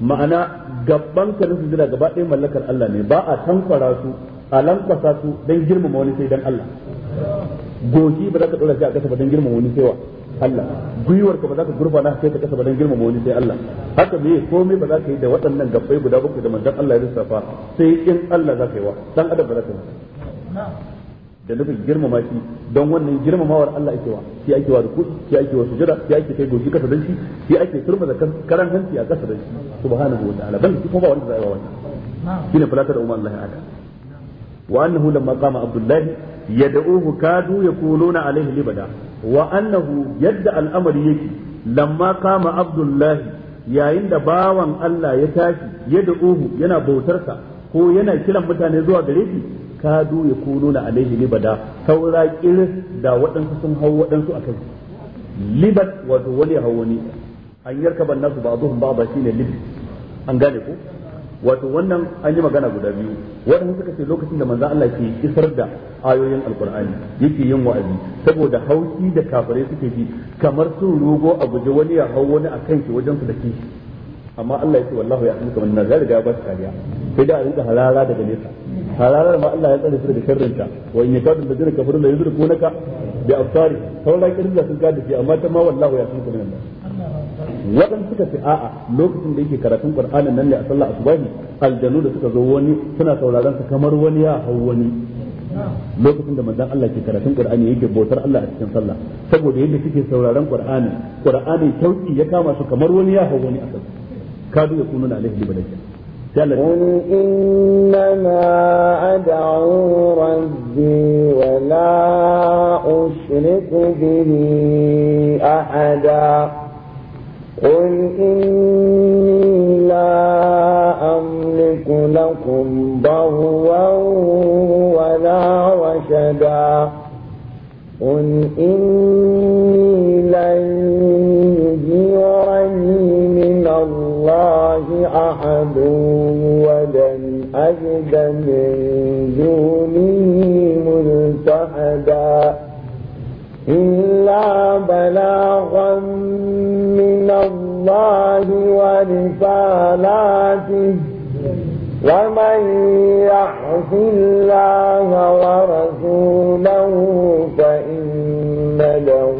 ma'ana gabban ka na sujada gaba ɗaya mallakar Allah ne ba a tankwara su a lankwasa su dan girmama wani sai dan Allah goshi ba za ka dora shi a kasa ba dan girmama wani sai wa Allah gwiwar ka ba za ka gurfa na sai ka kasa ba dan girmama wani sai Allah haka me komai ba za ka yi da waɗannan gabbai guda bakwai da manzon Allah ya lissafa sai in Allah za ka yi wa dan adam ba za ka yi da nufin girmama shi don wannan girmamawar Allah ake wa shi ake wa ruku shi ake wa sujada shi ake kai goshi kasa dan shi shi ake turma da karan hanci a kasa dan shi subhanahu wa ta'ala ban kuma ba wanda za a yi wa wannan shine falatar umma Allah ya aka. wa annahu lamma qama abdullahi yad'uhu kadu yaquluna alaihi libada wa annahu yadda al'amari yake lamma qama abdullahi yayin da bawan Allah ya tashi yad'uhu yana bautarsa ko yana kiran mutane zuwa gare shi kadu yaquluna alaihi libada saura kiris da waɗansu sun hau waɗansu akai libat wato wani hawani an yarkaban nasu ba ba'dha shine libat an gane ko wato wannan an yi magana guda biyu waɗanda suka ce lokacin da manzo Allah ke isar da ayoyin alkur'ani yake yin wa'azi saboda hauki da kafirai suke ji kamar sun rogo a guje wani ya hau wani a shi wajen su da kishi amma Allah ya ce wallahu ya amsa wannan zai riga ya ba kariya sai da a rinka halala daga nesa hararar ma Allah ya tsare su daga sharrinta wa in yakadu da jirka kafirin da yuzurkunaka bi afsari saura kirin da sun gadi amma ta ma wallahu ya amsa wannan waɗanda suka fi a'a lokacin da yake karatun qur'anin nan ne a sallar asubahi aljanu da suka zo wani suna sauraron sa kamar wani ya hau wani lokacin da manzon Allah ke karatun qur'ani yake bautar Allah a cikin sallah saboda yadda suke sauraron qur'ani qur'ani kyauti ya kama su kamar wani ya hau wani a kan kadu ya kununa alaihi balaka قل إنما أدعو ربي ولا أشرك به أحدا قل إني لا أملك لكم ضرا ولا رشدا قل إني لن يجيرني من الله أحد ولن أجد من دونه ملتحدا إلا بلاغا إلى الله ورسالاته ومن يعص الله ورسوله فإن له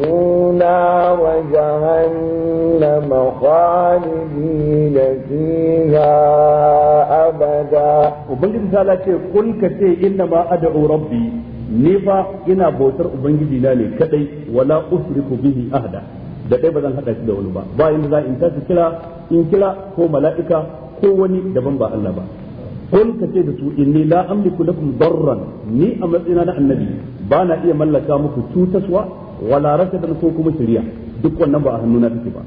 نار جهنم خالدين فيها أبدا وبنجد سالة قل كتي إنما أدعو ربي نفا إنا بوتر أبنجد لالي كتي ولا أشرك به أهدا da ɗaya ba zan haɗa shi da wani ba ba yanda za in tashi kira in kira ko mala'ika ko wani daban ba Allah ba kun ka ce da su inni la amliku lakum darran ni a matsayina na annabi ba na iya mallaka muku cutaswa wala rasadan ko kuma shari'a duk wannan ba a hannuna take ba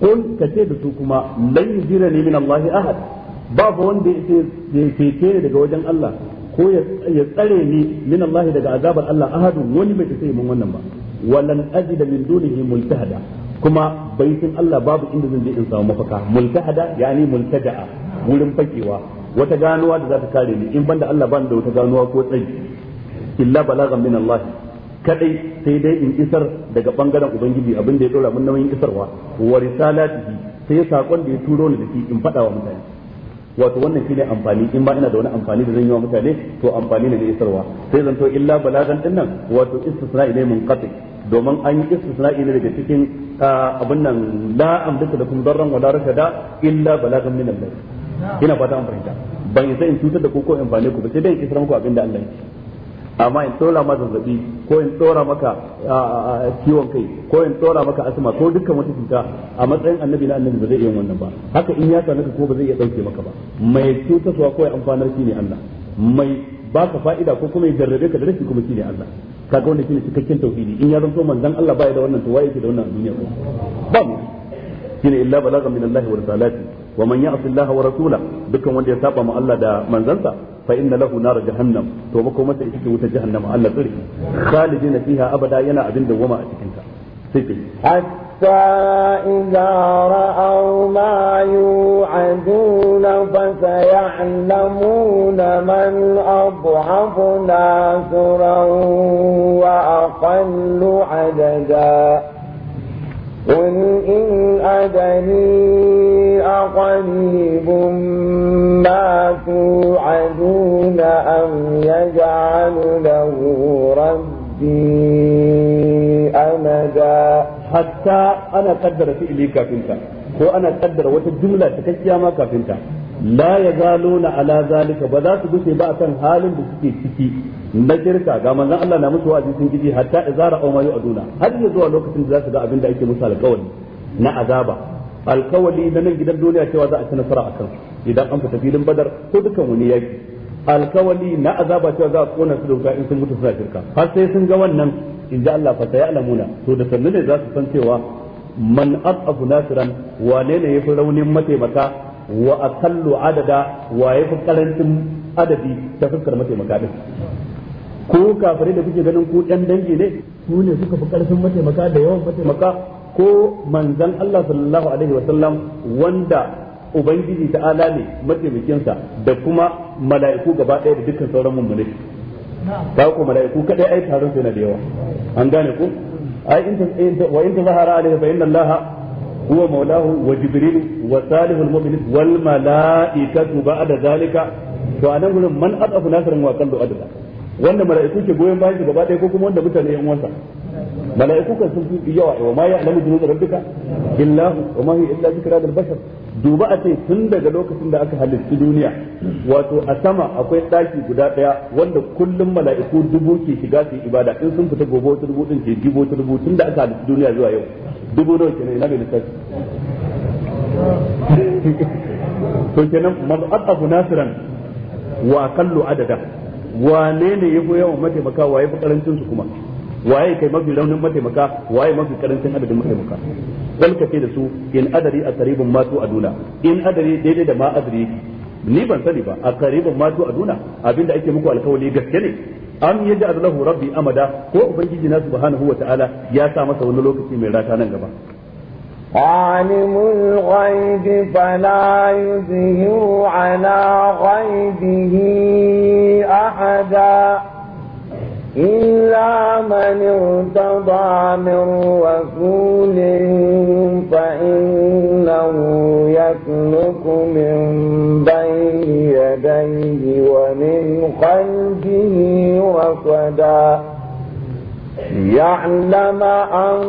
kun ka ce da su kuma lan yujira ni min Allah ahad babu wanda ya cece daga wajen Allah ko ya tsare ni min Allah daga azabar Allah ahadun wani bai ta sai mun wannan ba walan da min dunihi multahada kuma baitin Allah babu inda zan je in samu mafaka multahada yani multaja'a wurin fakewa wata ganuwa da za ta kare ni in banda Allah ban da wata ganuwa ko tsayi illa balagan min Allah kadai sai dai in isar daga bangaren ubangiji abin da ya dora mun nauyin isarwa wa risalatihi sai sakon da ya turo ni da shi in fada mutane wato wannan shine amfani in ba ina da wani amfani da zan yi wa mutane to amfani ne na isarwa sai zanto illa balagan dinnan wato istisna mun munqati domin an yi istisna'i ne daga cikin abin nan la da kuma darran wala da illa balagan min Allah ina fata an fahimta ban yi in cutar da ku ko in bane ku ba sai dai in isra muku abin da Allah yake amma in tsora ma zazzabi ko in tsora maka ciwon kai ko in tsora maka asma ko dukkan wata cuta a matsayin annabi na annabi ba zai iya wannan ba haka in ya sanaka ko ba zai iya dauke maka ba mai cutarwa ko ya amfanar shi ne Allah mai baka fa'ida ko kuma ya jarrabe ka da rashi kuma shine Allah kaga wannan shine cikakken tauhidi in ya zanto manzon Allah baya da wannan to waye yake da wannan duniya ko ba mu shine illa balaga min Allah wa risalati wa man ya'si Allah wa rasula dukkan wanda ya saba ma Allah da manzansa fa inna lahu nar jahannam to ba ko masa ita wuta jahannam Allah tsare khalidina fiha abada yana abin da wama a cikin ta sai إذا رأوا ما يوعدون فسيعلمون من أضعف ناصرا وأقل عددا قل إن أدري أقريب ما توعدون أم يجعل له ربي أمدا hatta ana kaddara fi'ili kafinta ko ana kaddara wata jumla cikakkiya ma kafinta la na ala zalika ba za su gushe ba akan halin da suke ciki na kirka ga manzon Allah na musu wa'azi sun gidi hatta izara aw a yu'aduna har ya zuwa lokacin da za su ga abin da ake musu alƙawari na azaba alƙawari na nan gidan duniya cewa za a ci nasara akan idan an fita filin badar ko dukan wani yaki alkawali na azaba cewa za a kona su da in sun mutu suna shirka har sai sun ga wannan in ji Allah fa sai alamuna to da sannu ne za su san cewa man asafu nasiran wane ne yafi raunin mataimaka wa akallu adada wa yafi karancin adadi ta fuskar mataimaka din ko kafare da kuke ganin ku ɗan dangi ne ku ne suka fi karfin mataimaka da yawan mataimaka ko manzan Allah sallallahu alaihi wasallam wanda ubangiji ta ala ne mataimakinsa da kuma mala'iku gaba ɗaya da dukkan sauran mummune ba ku mala'iku kadai ai taron sai na da yawa an gane ku ai in ta wa in ta zahara alaihi fa inna allaha huwa maulahu wa jibril wa salihul mu'minin wal mala'ikatu ba'da zalika to anan gurin man adafu nasarin wa kallu adla wanda mala'iku ke goyen bayan gaba ɗaya ko kuma wanda mutane yan wasa ملائكوك kan sun fi yawa wa ma ya'lamu wa ma hiya illa zikra tun daga lokacin da aka halitta duniya wato a sama akwai daki guda daya wanda kullum mala'iku dubu ke shiga su ibada in sun fita gobe wata dubu din ke gibo ta dubu tun da aka halitta duniya adada wane ne yafi yawan mataimaka waye fi karancin su kuma waye kai mafi raunin mataimaka waye mafi karancin adadin mataimaka wal kace da su in adari a qaribun matu aduna in adari daidai da ma adari ni ban sani ba a qaribun matu aduna abinda ake muku alkawali gaske ne am yadda lahu rabbi amada ko ubangiji na subhanahu wa ta'ala ya sa masa wani lokaci mai rata nan gaba عالم الغيب فلا يظهر على غيبه أحدا إلا من ارتضى من رسول فإنه يسلك من بين يديه ومن خلفه رصدا ليعلم أن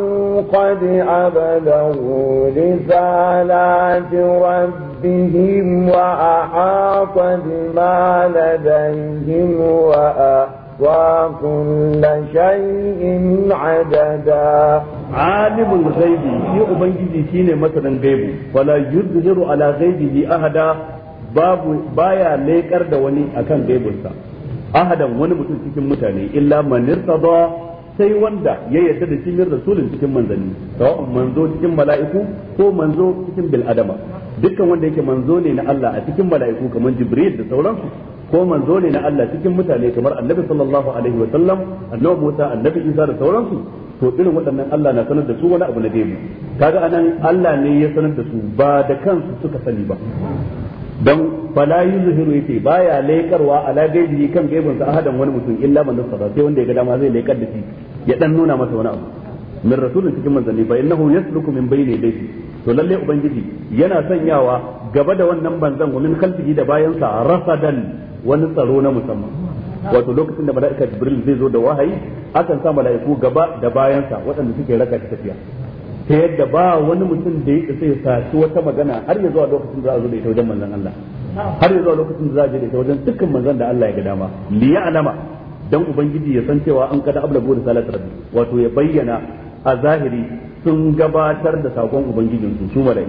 قد أبلغوا رسالات ربهم وأحاط بما لديهم وأحاط أحصى كل شيء عددا عالم الغيب في أبنجي شين مثلا غيبه ولا يظهر على غيبه أحدا باب baya ليكر da wani akan gaibinsa ahadan wani mutum cikin mutane illa manirta sai wanda ya yarda da cikin rasulun cikin manzanni sawa'un manzo cikin mala'iku ko manzo cikin bil adama dukkan wanda yake manzo ne na Allah a cikin mala'iku kamar Jibril da sauransu ko manzo ne na Allah cikin mutane kamar annabi sallallahu alaihi wa sallam annabi Musa annabi Isa da sauransu to irin waɗannan Allah na sanar da su wani abu na gaibu kaga anan Allah ne ya sanar da su ba da kansu suka sani ba dan fala yuzhiru yace baya laikarwa ala gaibi kan gaibin sa ahadan wani mutum illa manzo sallallahu sai wanda ya ga dama zai laikar da shi ya dan nuna masa wani abu min rasulun cikin manzanni fa innahu yasluku min bayni yadayhi to lalle ubangiji yana sanyawa gaba da wannan banzan gumin min da bayansa rasadan wani tsaro na musamman wato lokacin da mala'ika jibril zai zo da wahayi akan sa mala'iku gaba da bayansa waɗanda suke raka ta tafiya ta yadda ba wani mutum da ya sai saci wata magana har ya zuwa lokacin da za a zo da ita wajen manzon Allah har ya zuwa lokacin da za a je da ita wajen dukkan manzon da Allah ya ga dama liya alama dan ubangiji ya san cewa an kada ablagu da salatu rabbi wato ya bayyana a zahiri sun gabatar da sakon ubangijinsu su malai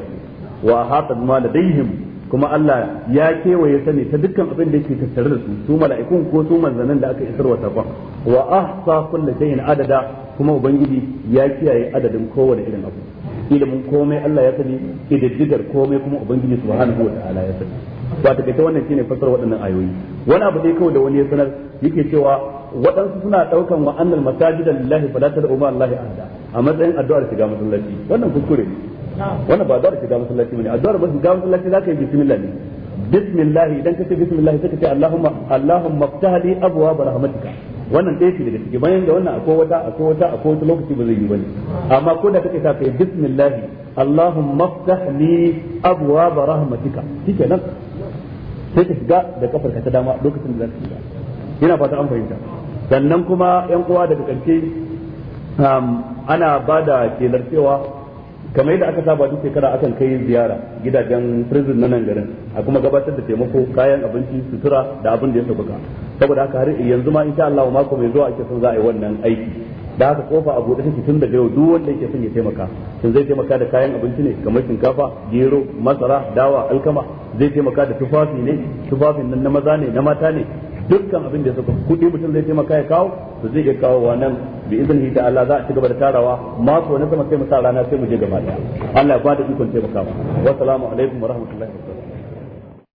wa hata ma ladaihim kuma Allah ya kewaye sani ta dukkan abin da yake tattare da su su mala'ikun ko su manzannin da aka isarwa sakon wa ahsa kulli shay'in adada kuma ubangiji ya kiyaye adadin kowane irin abu ilimin komai Allah ya sani ididdigar komai kuma ubangiji subhanahu wa ta'ala ya sani ba ta kaita wannan shine fasar waɗannan ayoyi wani abu dai kawai da wani ya sanar yake cewa waɗansu suna ɗaukan wa annal masajida lillahi fala tad'u ma allahi ahada a matsayin addu'ar shiga masallaci wannan kuskure ne wannan ba addu'ar shiga masallaci bane addu'ar ba shiga masallaci zaka yi bismillah ne bismillah idan kace bismillah sai kace allahumma allahumma ftahli abwaab rahmatika wannan ɗaya ce daga ciki bayan da wannan akwai wata akwai wata akwai wata lokaci ba zai yi bane amma ko da kake sa kai bismillah allahumma ftahli abwaab rahmatika shikenan sai ka shiga da kafarka ta dama lokacin da zaka shiga ina fata an fahimta sannan kuma yan uwa daga karshe um, ana ba da kelar cewa kamar yadda aka saba duk shekara akan kai ziyara gidajen prison na nan garin a kuma gabatar da taimako kayan abinci sutura da abin da ya sabuka saboda haka har yanzu ma insha Allah mako mai zuwa ake son za a yi wannan aiki da haka kofa a buɗe take tun daga yau duk wanda yake son ya taimaka Shin zai taimaka da kayan abinci ne kamar shinkafa gero masara dawa alkama zai taimaka da tufafi ne tufafin nan na maza ne na mata ne dukkan abin da ya kudi kuɗi mutum zai taimaka ya kawo to zai iya kawo wa nan bi iznihi ta Allah za a ci gaba da tarawa mako na sama sai mu sa rana sai mu je gaba daya Allah ya bada ikon taimakawa wa salamu alaikum wa rahmatullahi wa barakatuh